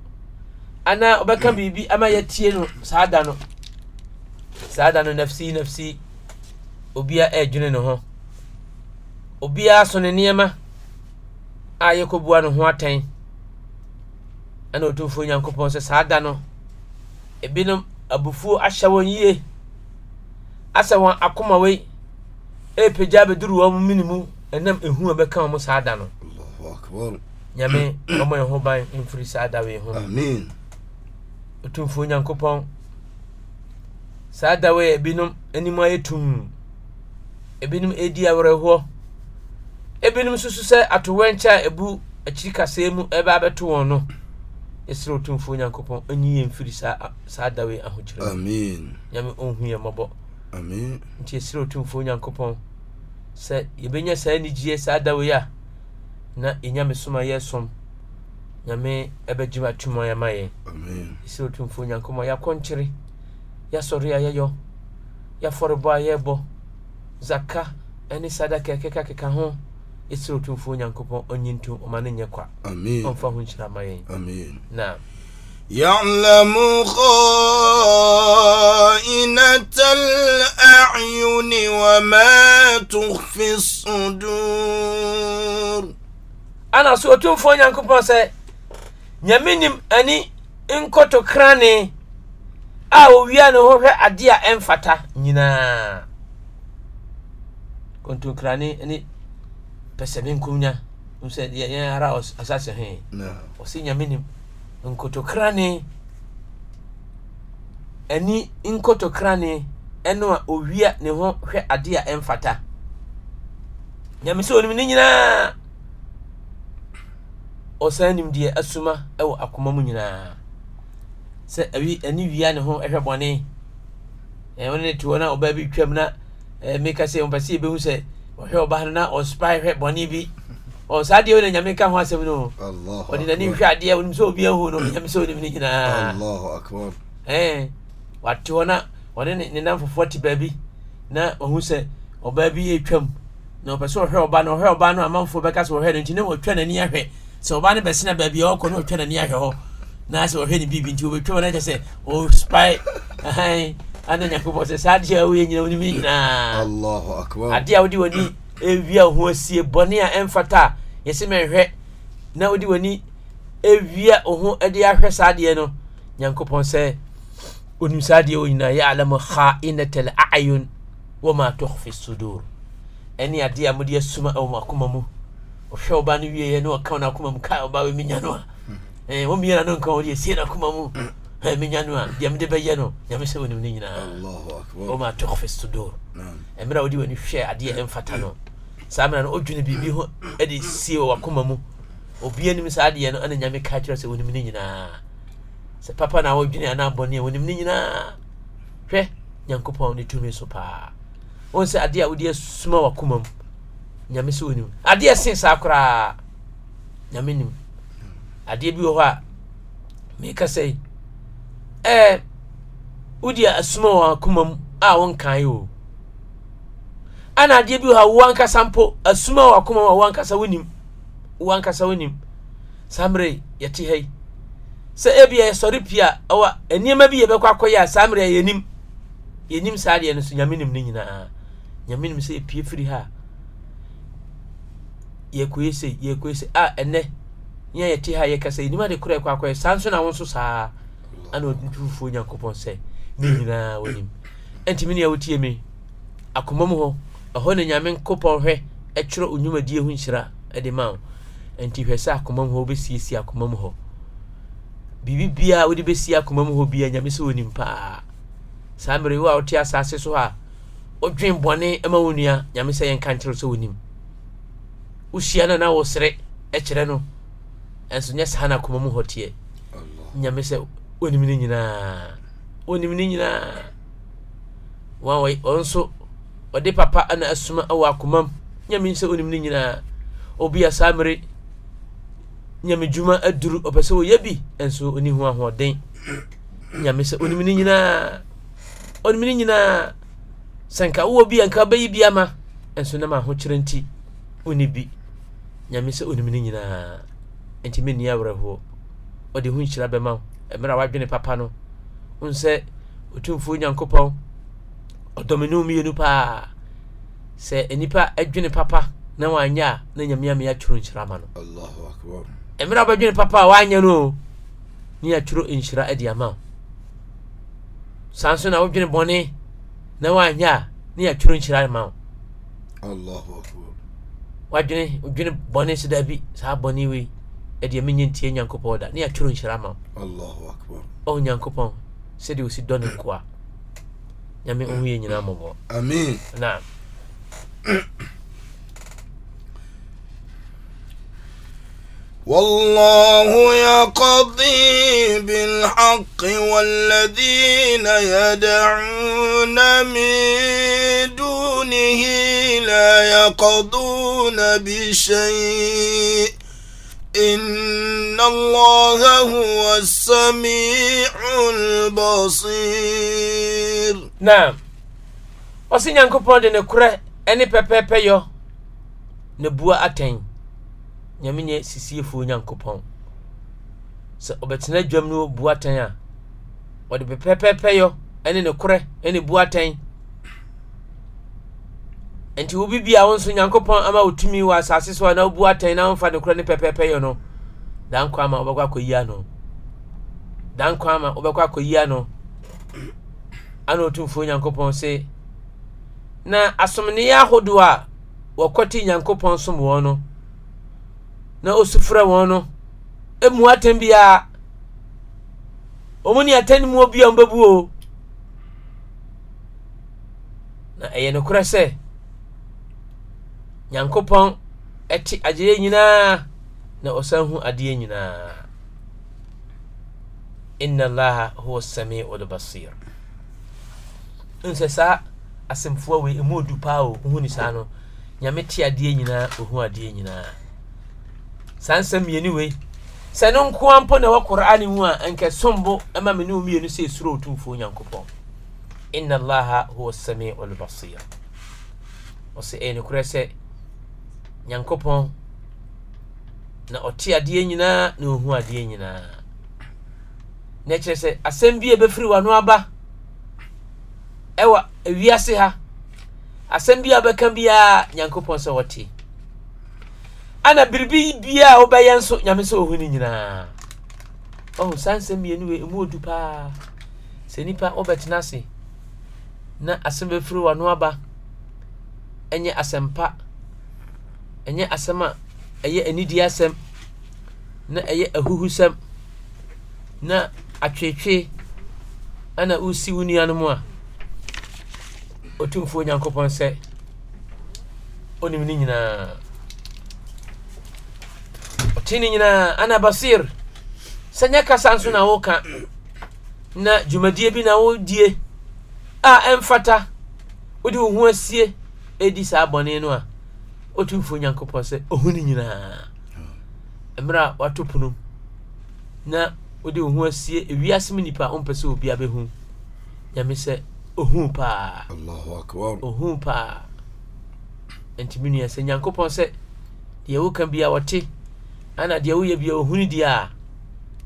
[SPEAKER 2] anaa ɔbɛka biribi ama yɛtie no saa da no saa da no nafsi nafsi obia ɛredwene ne ho obiara so ne nneɛma a yɛkɔbua ne ho atɛn ɛna ɔtumfoɔ nyankopɔn sɛ saa da no ebinom abufuo ahyɛ wɔn yie asɛ wɔn akoma wei ɛrepagya abɛduru wɔn minimu ɛnam ehu a bɛka wɔn saa da no nyame ɔmɔ yɛn ho ban mfiri saa da wei ho ɔtumfoɔ nyankopɔn saa da wei ebinom anim ayɛ tum ebinom edi awerɛhoɔ ebinom nso so sɛ atowɛnkyɛ a ebu akyiri kaseɛ mu ɛbɛ abɛto wɔn no. ɛsrɛ ɔtumfoɔ nyankopɔn ɛnyi mfiri saa da wei ahokyerɛ nyame ɔnhu mmɔbɔ nti ɛsrɛ ɔtumfoɔ nyankopɔn sɛ yɛbɛnya saa anigyeɛ saa da wei a na yɛnyame soma yɛsom nyame ɛbɛgyima atuma yɛma yɛ ɛsrɛ ɔtumfoɔ nyankopɔn yɛakɔnkyere yɛasɔre a yɛyɔ yɛafɔrebɔ a yɛbɔ zaka ɛne sadaka ɛkeka keka ho ɛsɛ ɔtumfoɔ onyankopɔn ɔnyi ntom ɔma no nyɛ kwa ɔmfa ho nhyira ma yɛn na يعلم خائنة
[SPEAKER 1] الأعين وما تخفي
[SPEAKER 2] الصدور أنا سوتون فون يانكم بانسا نيامينيم أني إنكوتو كراني أو ويانو هو أديا أنفتا نينا كنتو كراني أني pɛ sɛ menkum sɛ yɛn ara asase he ɔse nyame nim nkotokra ne ani nkotokra ne ɛno a owia ne ho hwɛ ade a ɛmfata nyame sɛ ɔnim ne nyinaa ɔsan nim deɛ asuma ɛwɔ akoma mu nyinaa sɛ awi ani wia ne ho hwɛ bɔne ɛwɔ e, ne te hɔ no a ɔbaa bi twam na e, meka sɛ ɔmpɛ sɛ yɛbɛhu sɛ ɔhwɛ ɔba no na ɔspa hwɛ bɔne bi ɔ saa deɛ wona nyame ka ho asɛm no
[SPEAKER 1] ɔde nani hwɛ
[SPEAKER 2] adeɛ wonim sɛ obi ahu no nyame sɛ wonim no nyinaa wate hɔ na ɔne ne nam fofoɔ te baabi na ɔhu sɛ ɔbaa bi ɛtwam na ɔpɛ sɛ ɔhwɛ ɔba no ɔhwɛ ɔba no amanfoɔ bɛka sɛ ɔhwɛ no nti na wɔtwa n'ani ahwɛ sɛ ɔba no bɛsena baabi a ɔkɔ na ɔtwa n'ani ahwɛ hɔ na sɛ ɔhwɛ ne biribi nti wɔbɛtwam no kyɛ sɛ ɔspae ana nyankopɔn sɛ saa adeɛ a woyɛ nyina wonim nyinaa adeɛ a wode w'ani ɛwia wo ho asie bɔne a ɛmfata a yɛsɛ mɛnhwɛ na wode w'ani ɛwia wo ho de ahwɛ saa adeɛ no nyankopɔn sɛ onim saa adeɛ wɔ nyinaa yɛalamu khainat al ayun wama tuhfi sudur ɛne adeɛ a mode asuma ɛwɔ mo akoma mu ɔhwɛ ɔba no wieɛ ne ɔka no akoma mu ka ɔba wɔ menya no mm-hmm. eh, a wɔmmiɛna no nka wɔde asie no akoma mu Eh, menya ah, eh, no deɛ mede bɛyɛ no nyame sɛ wonim no nyinaa ɔma tɔkfe sodor ɛmerɛ wode w'ani hwɛ adeɛ ɛmfata no saa mmerɛ no ɔdwene biribi ho de sie wɔ wakoma mu obia nim saa adeɛ no ɛne nyame ka kyerɛ sɛ wonim no nyinaa sɛ papa na wɔdwene anaa a wonim no nyinaa hwɛ nyankopɔn ne tumi so paa ɔhu sɛ adeɛ a wode asuma wakoma mu nyame sɛ wonim adeɛ sen saa koraa nyame nim adeɛ bi wɔ hɔ a meka sɛi ɛɛ wodi asoma wɔ akoma mu a wɔnkae o ana adeɛ bi wɔ ha wɔn ankasa mpo asoma wɔ akoma mu a wɔn ankasa wɔnim wɔn ankasa wɔnim saa mmerɛ yɛte ha yi sɛ ebi yɛ sɔre pii a ɛwɔ nneɛma bi yɛbɛkɔ akɔyɛ a saa mmerɛ yɛnim yɛnim saa deɛ no so nyame nim ne nyinaa nyame nim sɛ epie firi ha yɛkɔyɛ sɛ yɛkɔyɛ sɛ a ɛnɛ nyɛ yɛte ha yɛkasa yɛnim ade korɔ yɛkɔ akɔyɛ saa nso na wɔn nso saa ana ɔtumtumfoɔ nyankopɔn sɛ ne nyinaa wɔnim ɛnti me ne ɛwotie me akoma mu hɔ ɛhɔ ne nyame nkopɔn hwɛ ɛtwerɛ onwumadie ho nhyira ɛde ma wo ɛnti hwɛ sɛ akoma mu hɔ wobɛsiesie akoma mu hɔ biribi biaa wode bɛsie akoma mu hɔ bia nyame sɛ wɔnim paa saa mmere wo a wote asase so a wodwen bɔne ma wo nua nyame sɛ yɛnka nkyerɛ sɛ wɔnim wohyia no na wosere ɛkyerɛ no ɛnso nyɛ saa no akoma mu hɔ teɛ nyame sɛ onim ne nyinaa onim ne nyinaa wa wa ɔnso ɔde papa ana asoma ɛwɔ akoma mu nyame sɛ onim ne nyinaa obi a saa mmere nyame dwuma aduru ɔpɛ sɛ ɔyɛ bi nso ɔni ho ahoɔden nyame sɛ onim ne nyinaa onim ne nyinaa sɛ nka bi a nka wobɛyi bi ama nso nam ahokyerɛ nti ɔni bi nyame sɛ onim ne nyinaa nti menni awerɛhoɔ ɔde ho nhyira bɛma mmerɛ a wadwene papa no wohu sɛ ɔtumfuo nyankopɔn ɔdɔmene mmienu paa sɛ nnipa adwene papa na wanyɛ a na nyameame atworo nhyira ma no mmerɛ a wobɛdwene papa a woanyɛ no o ne yɛatworo nhyira adi ama wo saa nso na wodwene bɔne na woanyɛ a ne yɛatworo nhyira ma wo wadwene wodwene bɔne so da bi saa bɔne wei ɛdeɛ e menye ntie nyankopɔn da ne yɛatworo nhyira ma wo nyankopɔn sɛdeɛ wosi dɔ ne nkoa nyame ɔhu yɛ nyinaa mmɔbɔ amen na
[SPEAKER 1] والله يقضي بالحق والذين يدعون من دونه لا يقضون بشيء إن الله هو
[SPEAKER 2] السميع البصير نعم ɔsi nyankopɔn de ne korɛ ne pɛpɛɛpɛ yɔ ne bua atɛn nyame nyɛ sisiefoɔ nyankopɔn sɛ ɔbɛtena dwam no bua atɛn a ɔde pɛpɛɛpɛ yɔ ne ne korɛ ne bua atɛn nti wo bibia wo nso nyankopɔn ama wo tumi wɔ asase so a na wobu atɛn na womfa nokorɛ ne pɛpɛpɛ yɛ no dan kɔ ama wobɛkɔ akɔyia no dan ama wobɛkɔ akɔyia no ana otumfuo nyankopɔn se na asomneɛ ahodoɔ a wɔkɔte nyankopɔn som wɔn no na ɔsufrɛ wɔn no emu atɛn biara wɔn ni atɛn mu obi a wɔn bɛbu o na ɛyɛ nokorɛ sɛ nyankopɔn ɛte adeɛ nyinaa na ɔsan hu adeɛ nyinaa inna allaha huwa samiu lbasir nsɛ saa asɛmfoɔ wei ɛmu ɔdu paa o wohu ne saa no nyame te adeɛ nyinaa ɔhu adeɛ nyinaa saa nsɛm mmienu wei sɛ no nkoa mpo na ɛwɔ qur'ane mu a ɛnkɛ sombo ma me ne wo mmienu sɛ ɛsuro ɔtumfuo nyankopɔn inna allaha huwa samiu lbasir ɔsɛ ɛyɛ nokorɛ sɛ nyankopɔn na ɔte adeɛ nyinaa na ɔhu adeɛ nyinaa na ɛkyerɛ sɛ asɛm bi a ɛbɛfiri wano aba ɛwɔ ewiase ha asɛm bi a bɛka biara nyankopɔn sɛ wɔte ana biribi biara a wobɛyɛ nso nyame sɛ ɔhu no nyinaa ɔhu saa nsɛm mmienu wei ɛmu ɔdu paa sɛ nipa wobɛtena ase na asɛm bɛfiri wano aba ɛnyɛ asɛmpa ɛnyɛ asɛm a ɛyɛ anidie asɛm na ɛyɛ ahuhusɛm na atwetwe ana wosi wo nua no mu a ɔtumfuo nyankopɔn sɛ ɔnim ne nyinaa ɔte ne nyinaa ana basir sɛ nyɛ kasa nso na woka na dwumadie bi na wodie a ɛmfata wode wo ho asie ɛdi saa bɔne no a ɔtumfoɔ nyankopɔn sɛ ɔhu no nyinaa ah. mmerɛ a wato pono na wode wo ho asie ewiase mu nipa wompɛ sɛ obi abɛhu nyame sɛ ɔhu paa ɔhu paa nti me sɛ nyankopɔn sɛ deɛ woka bia wɔte ana deɛ woyɛ bia ɔhunu deɛ a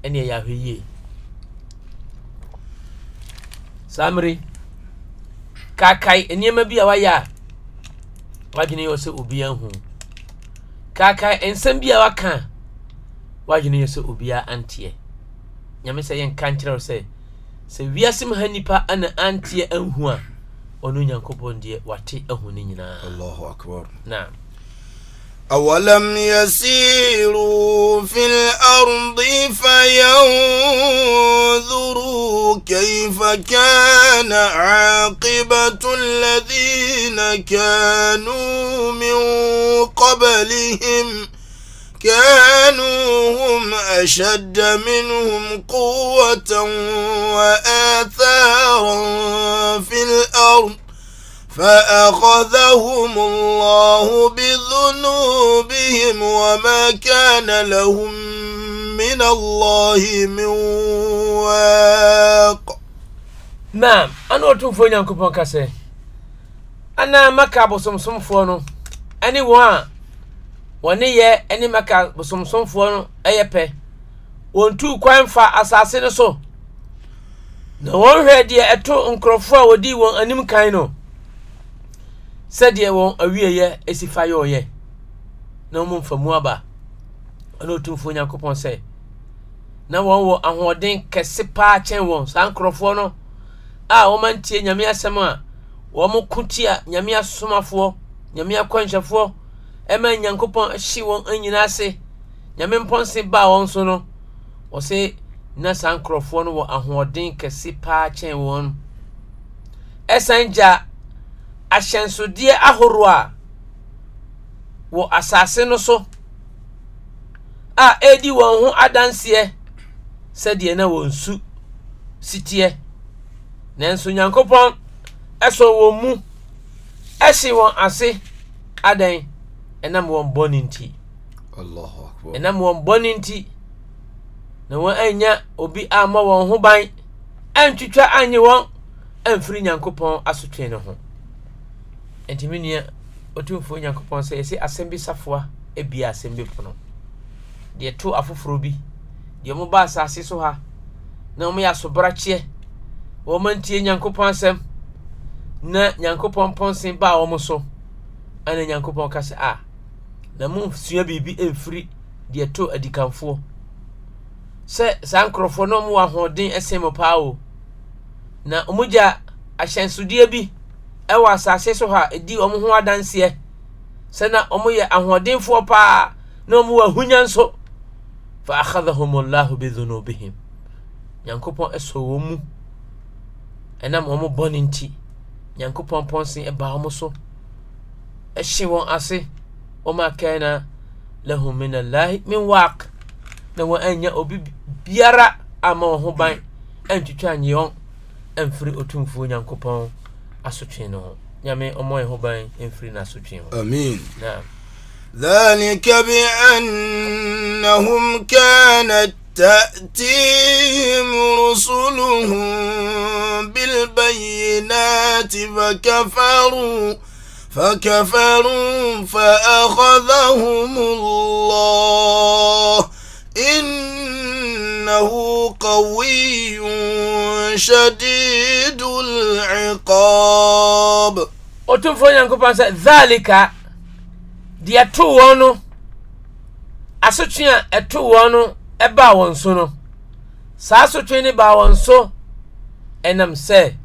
[SPEAKER 2] ɛne ɛyɛ ahwɛ yie saa mmere kakae nneɛma bi a wayɛ a wadwene yɛ sɛ obia ahu kaakae ɛnsɛm bi a waka wadwene yɛ sɛ obiaa anteɛ nyame sɛ yɛnka nkyerɛ wo sɛ sɛ wiase m ha nnipa ana anteɛ anhu a ɔno onyankopɔn deɛ wate ahu no nyinaa
[SPEAKER 1] أولم يسيروا في الأرض فينظروا كيف كان عاقبة الذين كانوا من قبلهم كانوا هم أشد منهم قوة وآثارا في الأرض فأخذهم الله بذنوبهم وما كان لهم من الله من
[SPEAKER 2] واق نعم أنا أتوفى ينكم بانكاسي أنا مكة بصمصم فونو أني وان wɔne yɛ ɛne maka bosomsomfoɔ no ɛyɛ pɛ wɔn tu kwan fa asase no so na wɔn hwɛ deɛ ɛto nkurɔfoɔ a wɔdi wɔn anim kan no sɛdeɛ wɔn awieɛ esi fa yɛ ɔyɛ na wɔn mfa mu aba ɛna otumfuo nyankopɔn sɛ na wɔn wɔ ahoɔden kɛse paa kyɛn wɔn saa nkorɔfoɔ no a wɔn ntie nyame asɛm a wɔn ko tia nyame asomafoɔ nyame akɔnhyɛfoɔ ɛma nyankopɔn ahyi wɔn nyinaa ase nyame mpɔnse baa wɔn so no wɔsi na saa nkorɔfoɔ no wɔ ahoɔden kɛse paa kyɛn wɔn ɛsan gya. ahyɛnsodeɛ ahoroɔ a wɔ asase no so a ɛredi wɔn ho adanseɛ sɛdeɛ na wɔn su siteɛ nanso nyankopɔn ɛsɔ wɔn mu ɛhye wɔn ase adan ɛnam wɔn bɔne nti ɛnam wɔn bɔne nti na wɔn anya obi amma wɔn ho ban antwitwa anye wɔn amfiri nyankopɔn asotwe ne ho nti me nua ɔtumfuo nyankopɔn sɛ yɛsɛ asɛm bi safoa abia asɛm bi pono deɛ to afoforɔ bi deɛ ɔmo ba asase so ha na ɔmo yɛ asobrakyeɛ wɔma ntie nyankopɔn asɛm na nyankopɔn pɔnsen baa wɔn so ɛna nyankopɔn kasa a ah, na mo sua biribi ɛmfiri deɛ to adikanfoɔ sɛ saa nkurɔfoɔ na ɔmo wɔ ahoɔden ɛsɛn mu paa o na ɔmo gya ahyɛnsodeɛ bi ɛwɔ asase so ha ɛdi wɔn ho adanseɛ sɛna wɔn yɛ ahoɔdenfoɔ paa na wɔn wɔ ahunya nso fa akhadhahum allahu bidhunubihim nyankopɔn ɛsɔ wɔn mu ɛnam wɔn bɔne nti nyankopɔn pɔnsen ɛbaa wɔn so ɛhye wɔn ase wɔn akɛna lahum min allahi min waq na wɔn anya obi biara ama wɔn ho ban ɛntwitwa nyɛ wɔn ɛmfiri otumfuo nyankopɔn. asotwe no ho nyame ban mfiri no asotwe ho amin ذلك
[SPEAKER 1] بأنهم كانت تأتيهم رسلهم بالبينات فكفروا فكفروا فأخذهم الله إن إنه
[SPEAKER 2] قوي شديد العقاب otumfoɔ nyankopɔn sɛ dhalika deɛ ɛtoo wɔn no asotwe a ɛtoo wɔn no ɛbaa wɔn so no saa asotwe no baa wɔn so ɛnam sɛ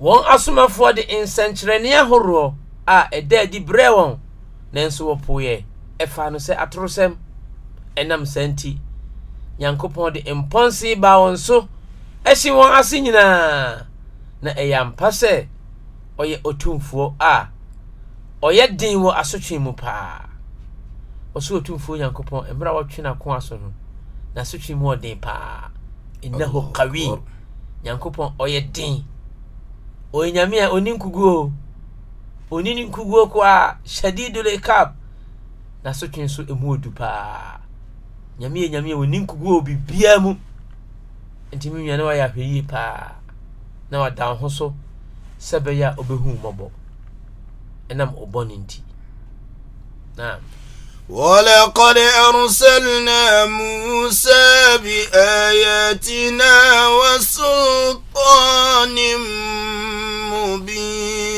[SPEAKER 2] wɔn asomafoɔ de nsɛnkyerɛnne ahoroɔ a ɛda adi brɛɛ wɔn nanso wɔpoeɛ ɛfaa no sɛ atorosɛm ɛnam saa nti nyankopɔn de mpɔnse baa wɔn so ɛhye wɔn ase nyinaa na ɛyɛ ampa sɛ ɔyɛ otumfuo a ɔyɛ den wɔ asotwe mu paa ɔso otumfuo nyankopɔn mmerɛ a wɔtwe n'ako aso no n'asotwe mu ɔden paa innahu qawi nyankopɔn ɔyɛ den ɔyɛ nyame a ɔni nkuguo ɔni ne nkuguo kɔ a shadidul ikab n'asotwe nso ɛmu ɔdu paa nyame yɛ nyame yɛ wɔni nkugu wɔ biribiaa mu nti me nua na wayɛ ahwɛ yie paa na wada wo ho so sɛ bɛyɛ a wobɛhu mmɔbɔ ɛnam ɔbɔ nti na
[SPEAKER 1] ولقد أرسلنا موسى بآياتنا وسلطان
[SPEAKER 2] مبين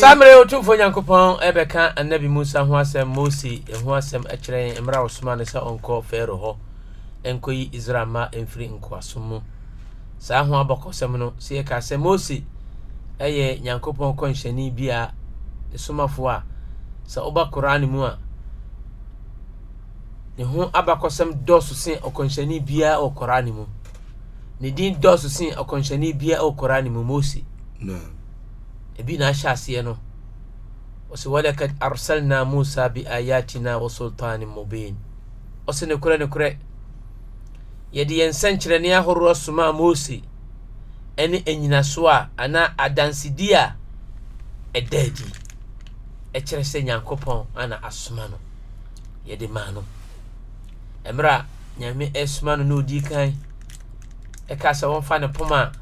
[SPEAKER 2] saa mmerɛ ɔtumfoɔ nyankopɔn ɛbɛka annabi musa ho asɛm mose ho asɛm ɛkyerɛ yɛn mmerɛ a ɔsoma no sɛ ɔnkɔ fɛro hɔ ɛnkɔyi israel ma ɛmfiri nkoasom mu saa ho abɔkɔsɛm no sɛ yɛka sɛ mose ɛyɛ nyankopɔn kɔnhyɛne bi a ne somafoɔ a sɛ woba koran mu a ne ho abakɔsɛm dɔɔso sen ɔkɔnhyɛne biara wɔ koran mu ne din dɔɔso sen ɔkɔnhyɛne biara wɔ koran mu mose no ebi na ahyɛ aseɛ no ɔsɛ walakad arsalna musa bi ayatina wa sultanin mubin ɔsɛ nokorɛ nokorɛ yɛde yɛn nsɛnkyerɛnne ahoroɔ somaa mose ɛne anyinaso a anaa adansedi a ɛda adi ɛkyerɛ sɛ nyankopɔn ana asoma no yɛde maa no ɛmerɛ a nyame asoma no na ɔdi kan ɛka sɛ wɔmfa ne poma a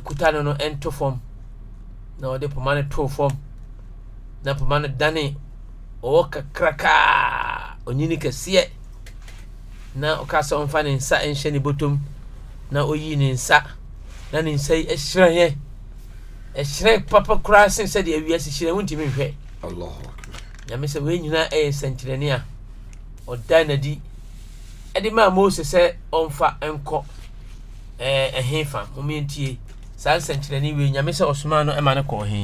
[SPEAKER 2] ɛkuta no no ɛnto fam na ɔde poma no too fam na poma no dane ɔwɔ kakrakaa onyini kɛseɛ na ɔka sɛ ɔmfa ne nsa nhyɛ ne bɔtɔm na ɔyii ne nsa na ne nsa yi ɛhyerɛnyɛ ɛhyerɛ papa koraa sen sɛdeɛ awia sihyerɛ wontumi nhwɛ nyame sɛ wei nyinaa ɛyɛ nsɛnkyerɛnne a ɔda n'adi ɛde maa mose sɛ ɔmfa nkɔ ɛhe fa momeɛntie سال سنتلني وين nyame sɛ ɔsomaa no ma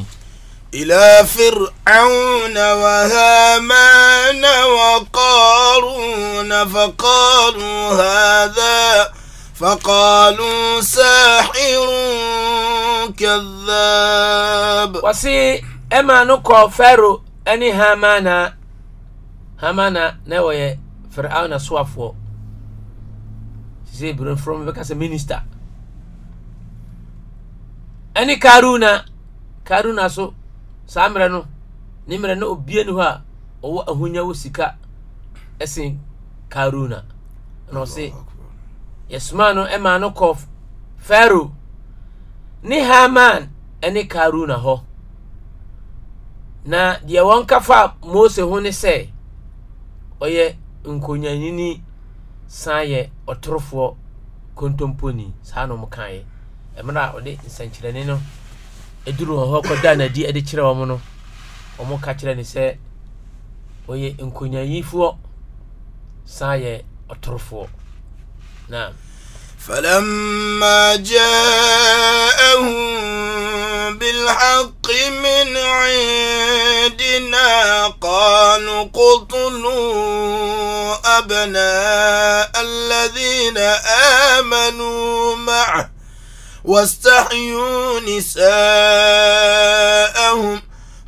[SPEAKER 1] إلى فرعون وهامان وقارون فقالوا هذا
[SPEAKER 2] فقالوا ساحر كذاب وسي أما نكو فرو أني هامانا هامانا نوي فرعون سوافو سي برون فروم بكاس مينيستر ɛne karuna karuna so saa mmerɛ no ne mmerɛ na obie ne hɔ a ɔwɔ ahonya wɔ sika ɛsen karuna na ɔse yɛsoma no ɛma no kɔ faro ne haman ɛne karuna hɔ na deɛ wɔnka fa mose ho ne sɛ ɔyɛ nkonyanyini san yɛ ɔtorofoɔ kontomponi saa nom kaeɛ mmerɛ a ɔde nsɛnkyerɛnne no duru wɔ hɔ kɔda n'adi de kyerɛ wɔn no wɔn ka kyerɛ ne sɛ ɔyɛ nkonyayifoɔ san yɛ ɔtorofoɔ na. فلما جاءهم
[SPEAKER 1] بالحق من عندنا قالوا قتلوا أبناء الذين آمنوا معه واستحيوا نساءهم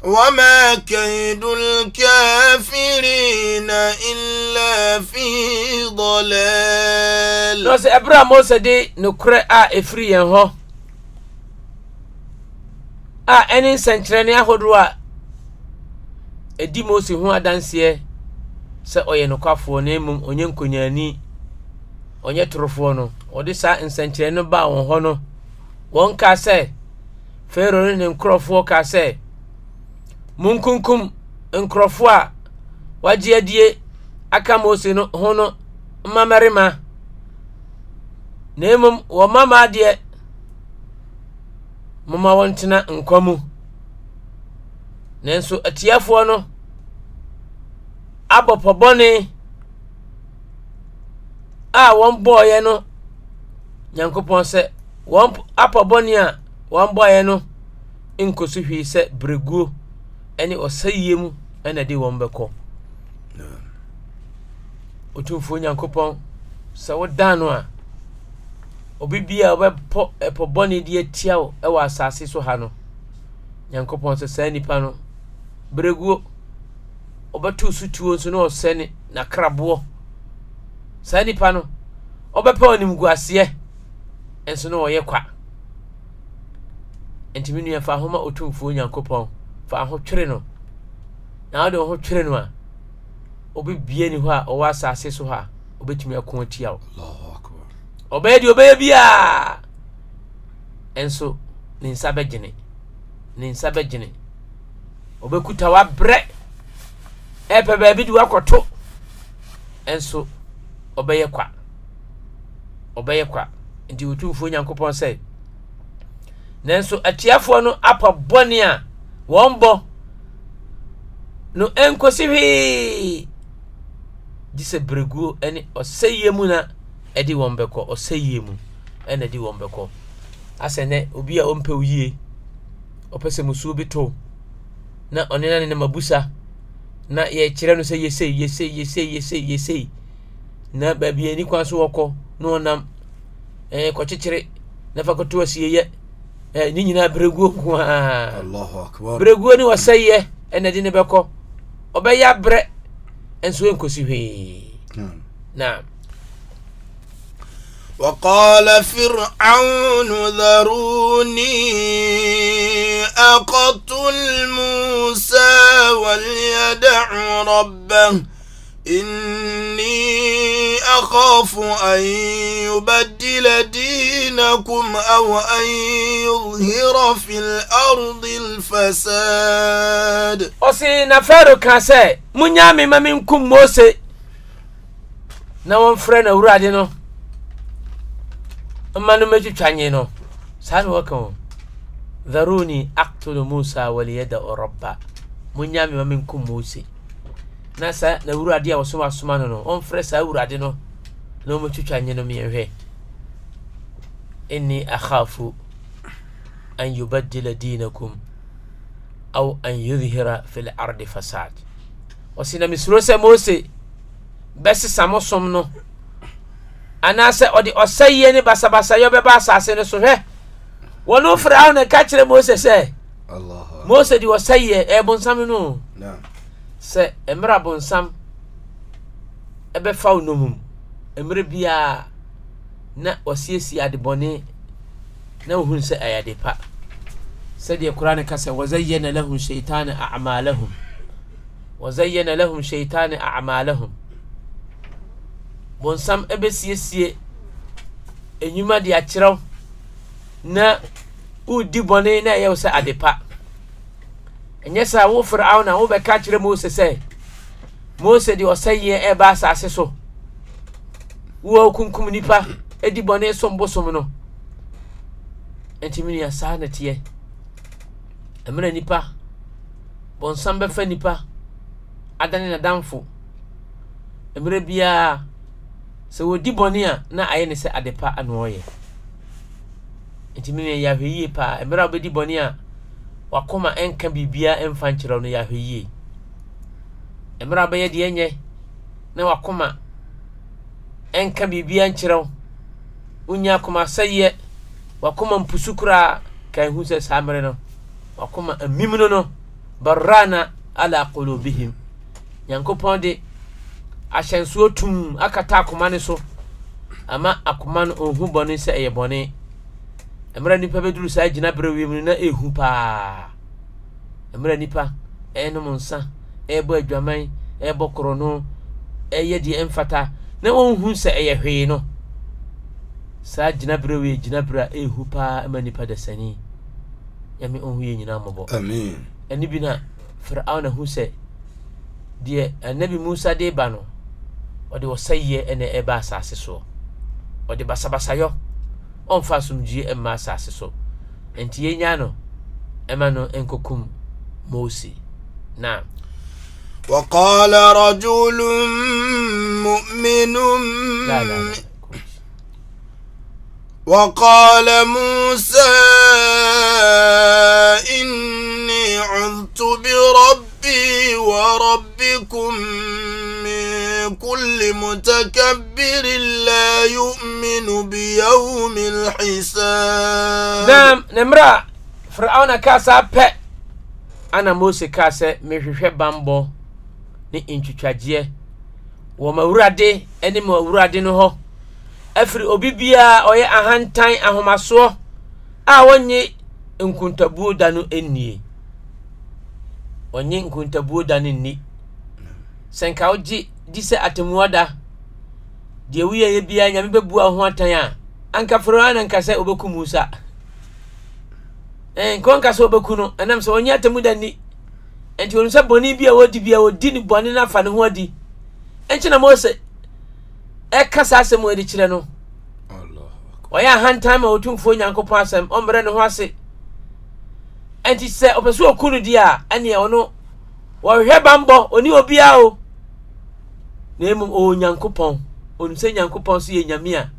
[SPEAKER 1] وما كيد الكافرين
[SPEAKER 2] إلا في ضلال na sɛ ɛberɛ a mose de nokorɛ a a ɛne nsɛnkyerɛnne ahodoɔ a ɛdi mose ho adanseɛ sɛ ɔyɛ nokwafoɔ na mmom ɔnyɛ nkonyaani ɔnyɛ torofoɔ no ɔde saa nsɛnkyerɛnne no baa wɔn hɔ no wọn ka sɛ fero ne ne nkurɔfoɔ ka sɛ munkunkum nkurɔfoɔ a wagye adie aka mose no ho no mmamarima na mmom wɔn mmamaa deɛ moma wɔn tena nkwa mu nso, atiafoɔ no abɔ pɔbɔne a wɔn bɔɔyɛ no nyankopɔn sɛ wɔn apɔ bɔne a wɔn bɔeɛ no nkɔ so hwee sɛ bereguo ne ɔsɛyie mu ɛna de wɔn bɛkɔ ɔtumfuo nyankopɔn sɛ wodan no a obi bia ɔbɛpɔ ɛpɔ bɔne de atia wo ɛwɔ asase so ha no nyankopɔn sɛ saa nipa no bereguo ɔbɛto so tuo nso na ɔsɛne nakraboɔ saa nipa no ɔbɛpɛ onimguaseɛ ɛnso na ɔyɛ kwa ntumi nua fa ahoma otumfuo nyankopɔn fa aho twere no na wode wo ho twere no a obɛbie ni hɔ a ɔwɔ asase so hɔ a obɛtumi ako atia wo ɔbɛyɛ deɛ ɔbɛyɛ biaa ɛnso ne nsa bɛgyene ne nsa bɛgyene ɔbɛkuta wabrɛ ɛpɛ baabi de wakɔto ɛnso ɔbɛyɛ kwa ɔbɛyɛ kwa nti otumfuo nyankopɔn sɛ nanso atiafoɔ no apa bɔne a wɔn bɔ no ɛnkɔsi hwee gye sɛ bereguo ne ɔsɛyie mu na ɛde wɔn bɛkɔ ɔsɛyie mu ɛna ɛde wɔn bɛkɔ asɛ nɛ obi a ɔmpɛ wo yie ɔpɛ sɛ musuo bi to na ɔne na ne nam abusa na yɛkyerɛ no sɛ yɛsei yɛsei yɛsei yɛsei yɛsei na baabi ani kwan so wɔkɔ na ɔnam ɛɛ eh, kɔkyekyere eh, na fa yɛ ɛɛ ne nyinaa bereguo nko aa bereguo ne wɔsɛyɛ eh, ɛna de ne bɛkɔ ɔbɛyɛ abrɛ nso nkosi hwee na.
[SPEAKER 1] وقال فرعون ذروني أقتل موسى وليدع ربه إني أخاف أن يبدل دينكم أو أن يظهر في الأرض
[SPEAKER 2] الفساد أسي نفر كاسي من يامي ما منكم موسى نوان فرنا ورادنا أما نمجي تشاني نو سأل وكم ذروني أقتل موسى وليدأ ربا من يامي ما منكم موسى na saa na awurade a wɔsom asoma no no ɔmfrɛ saa awurade no na ɔmɛtwitwa nye no mmiɛnhwɛ inni akhafu an yubaddila dinakum aw an yudhira fi lardi fasad ɔsi na mesuro sɛ mose bɛsesa mo som no anaasɛ ɔde ɔsɛyie ne basabasayɛ bɛba asase no so hwɛ wɔne frɛ aw na ka kyerɛ mose sɛ mose de ɔsɛyɛ ɛbonsam no sɛ mmerɛ abonsam ɛbɛfa wo nom mmerɛ biara na wɔsiesie adebɔne na wohunu sɛ ɛyɛ ade pa sɛdeɛ koraa ne ka sɛ wazayyana lahum shaitana amalahum wazayyana lahum shaitana amalahum bonsam ɛbɛsiesie enyuma de akyerɛw na wodi bɔne na ɛyɛ wo sɛ ade pa ɛnyɛ sɛ wo firao na wobɛka kyerɛ mose sɛ mose deɛ ɔsɛ yɛ ɛba asase so woa kunkum nipa adi bɔne som bosom no ntimini saa na teɛ mmerɛ nipa bɔnsam bɛfa nipa adane nadamfo mmerɛ biara sɛ wɔdi bɔne a na ayɛ ne sɛ ade pa ana ɔyɛ ntimini yɛahwɛ yie paa mmerɛ a wobɛdi bɔne a wakoma ɛnka biribiaa ɛmfa nkyerɛw no yɛahwɛ yie mmerɛ bɛyɛ deɛ nyɛ na wakoma ɛnka biribiaa nkyerɛw wonya akoma sɛyeɛ wakoma mpusu koraa ka ɛhu sɛ saa mmere no wakoma amim no no barana ala qulubihim nyankopɔn de ahyɛnsoɔ tum akata akoma ne so ama akoma no ɔhu bɔne sɛ ɛyɛ bɔne mmerɛ nipa bɛduru saa gyina berɛ wiem no na ɛhu paa mmerɛ nipa ɛnom nsa ɛbɔ adwaman ɛbɔ korɔno ɛyɛ deɛ ɛmfata na wɔnhu sɛ ɛyɛ hwee no saa gyina berɛ wei gyina berɛ a ɛhu paa ma nipa da sani nyame ɔhu yɛ nyinaa mmɔbɔ ɛne bi na firaona hu sɛ deɛ anabi musa de ba no ɔde ɔsɛyeɛ ɛna ɛba asase soɔ ɔde basabasayɔ ɔmfa asomdwee mma asase so nti yɛnya no ɛma no nkɔkum mose na وقال
[SPEAKER 1] رجل مؤمن لا لا لا. وقال موسى إني عذت بربي وربكم كل متكبر لا يؤمن
[SPEAKER 2] بيوم الحساب نعم نمرا فرعون كاسا بي أنا موسى كاسا مهوهو بامبو ne ntwitwadeɛ wɔ mawurade ne mawurade no hɔ afiri obi biara ɔyɛ ahantan ahomasoɔ a wɔnye nkuntabuo da no nnie wɔnye nkuntabuo da no nni sɛ nka di sɛ atemmuada deɛ woyɛyɛ biara nyame bɛbua ho atan a anka foroa na nka sɛ wobɛku musa nka ɔnka sɛ wobɛku no ɛnam sɛ ɔnyɛ atemmuda nni ɛnti ɔnu sɛ bɔne bi a wɔdi bi a wɔdi ne bɔne no afa ne ho adi ɛnkyi na mose ɛka saa asɛm a ɔde kyerɛ no ɔyɛ ahantan ma ɔtumfuo nyankopɔn asɛm ɔmmerɛ ne ho ase ɛnti sɛ ɔpɛ sɛ ɔku no deɛ a ɛneɛ ɔno wɔhwehwɛ bambɔ ɔni obiaa o na mmom o nyankopɔn onim sɛ nyankopɔn so yɛ nyame a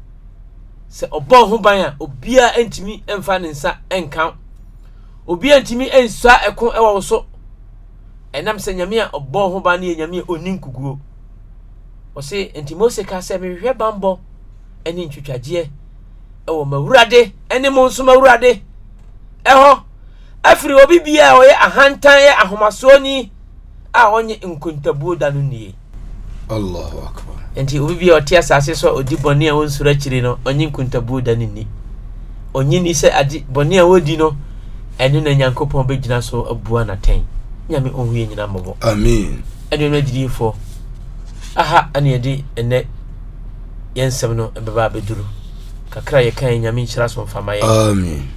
[SPEAKER 2] sɛ ɔbɔ ho ban a obiara ntumi mfa ne nsa nka obiara ntumi nsua ɛko ɛwɔ wo so ɛnam sɛ nyame a ɔbɔ ho ban no yɛ nyame a ɔni nkuguo ɔse nti mose ka sɛ mehwehwɛ bambɔ ɛne ntwitwagyeɛ ɛwɔ mawurade ɛne mo nso mawurade ɛhɔ afiri obi biara a ɔyɛ ahantan yɛ ahomasoɔ ni a ɔnye nkontabuo da no nie allahu akbar nti obi bi a ɔte asase so a ɔdi bɔne a wɔnsuro akyiri no ɔnye nkuntabuo da ne ni ɔnye ni sɛ ade bɔne a wɔdi no ɛno na nyankopɔn bɛgyina so abua natɛn nyame ɔhuɛ nyina mmɔbɔ amen ɛne no agyiriyifoɔ aha ɛne yɛde ɛnɛ yɛn nsɛm no ɛbɛba abɛduru kakra yɛka yɛ nyame nhyira so mfama yɛ amen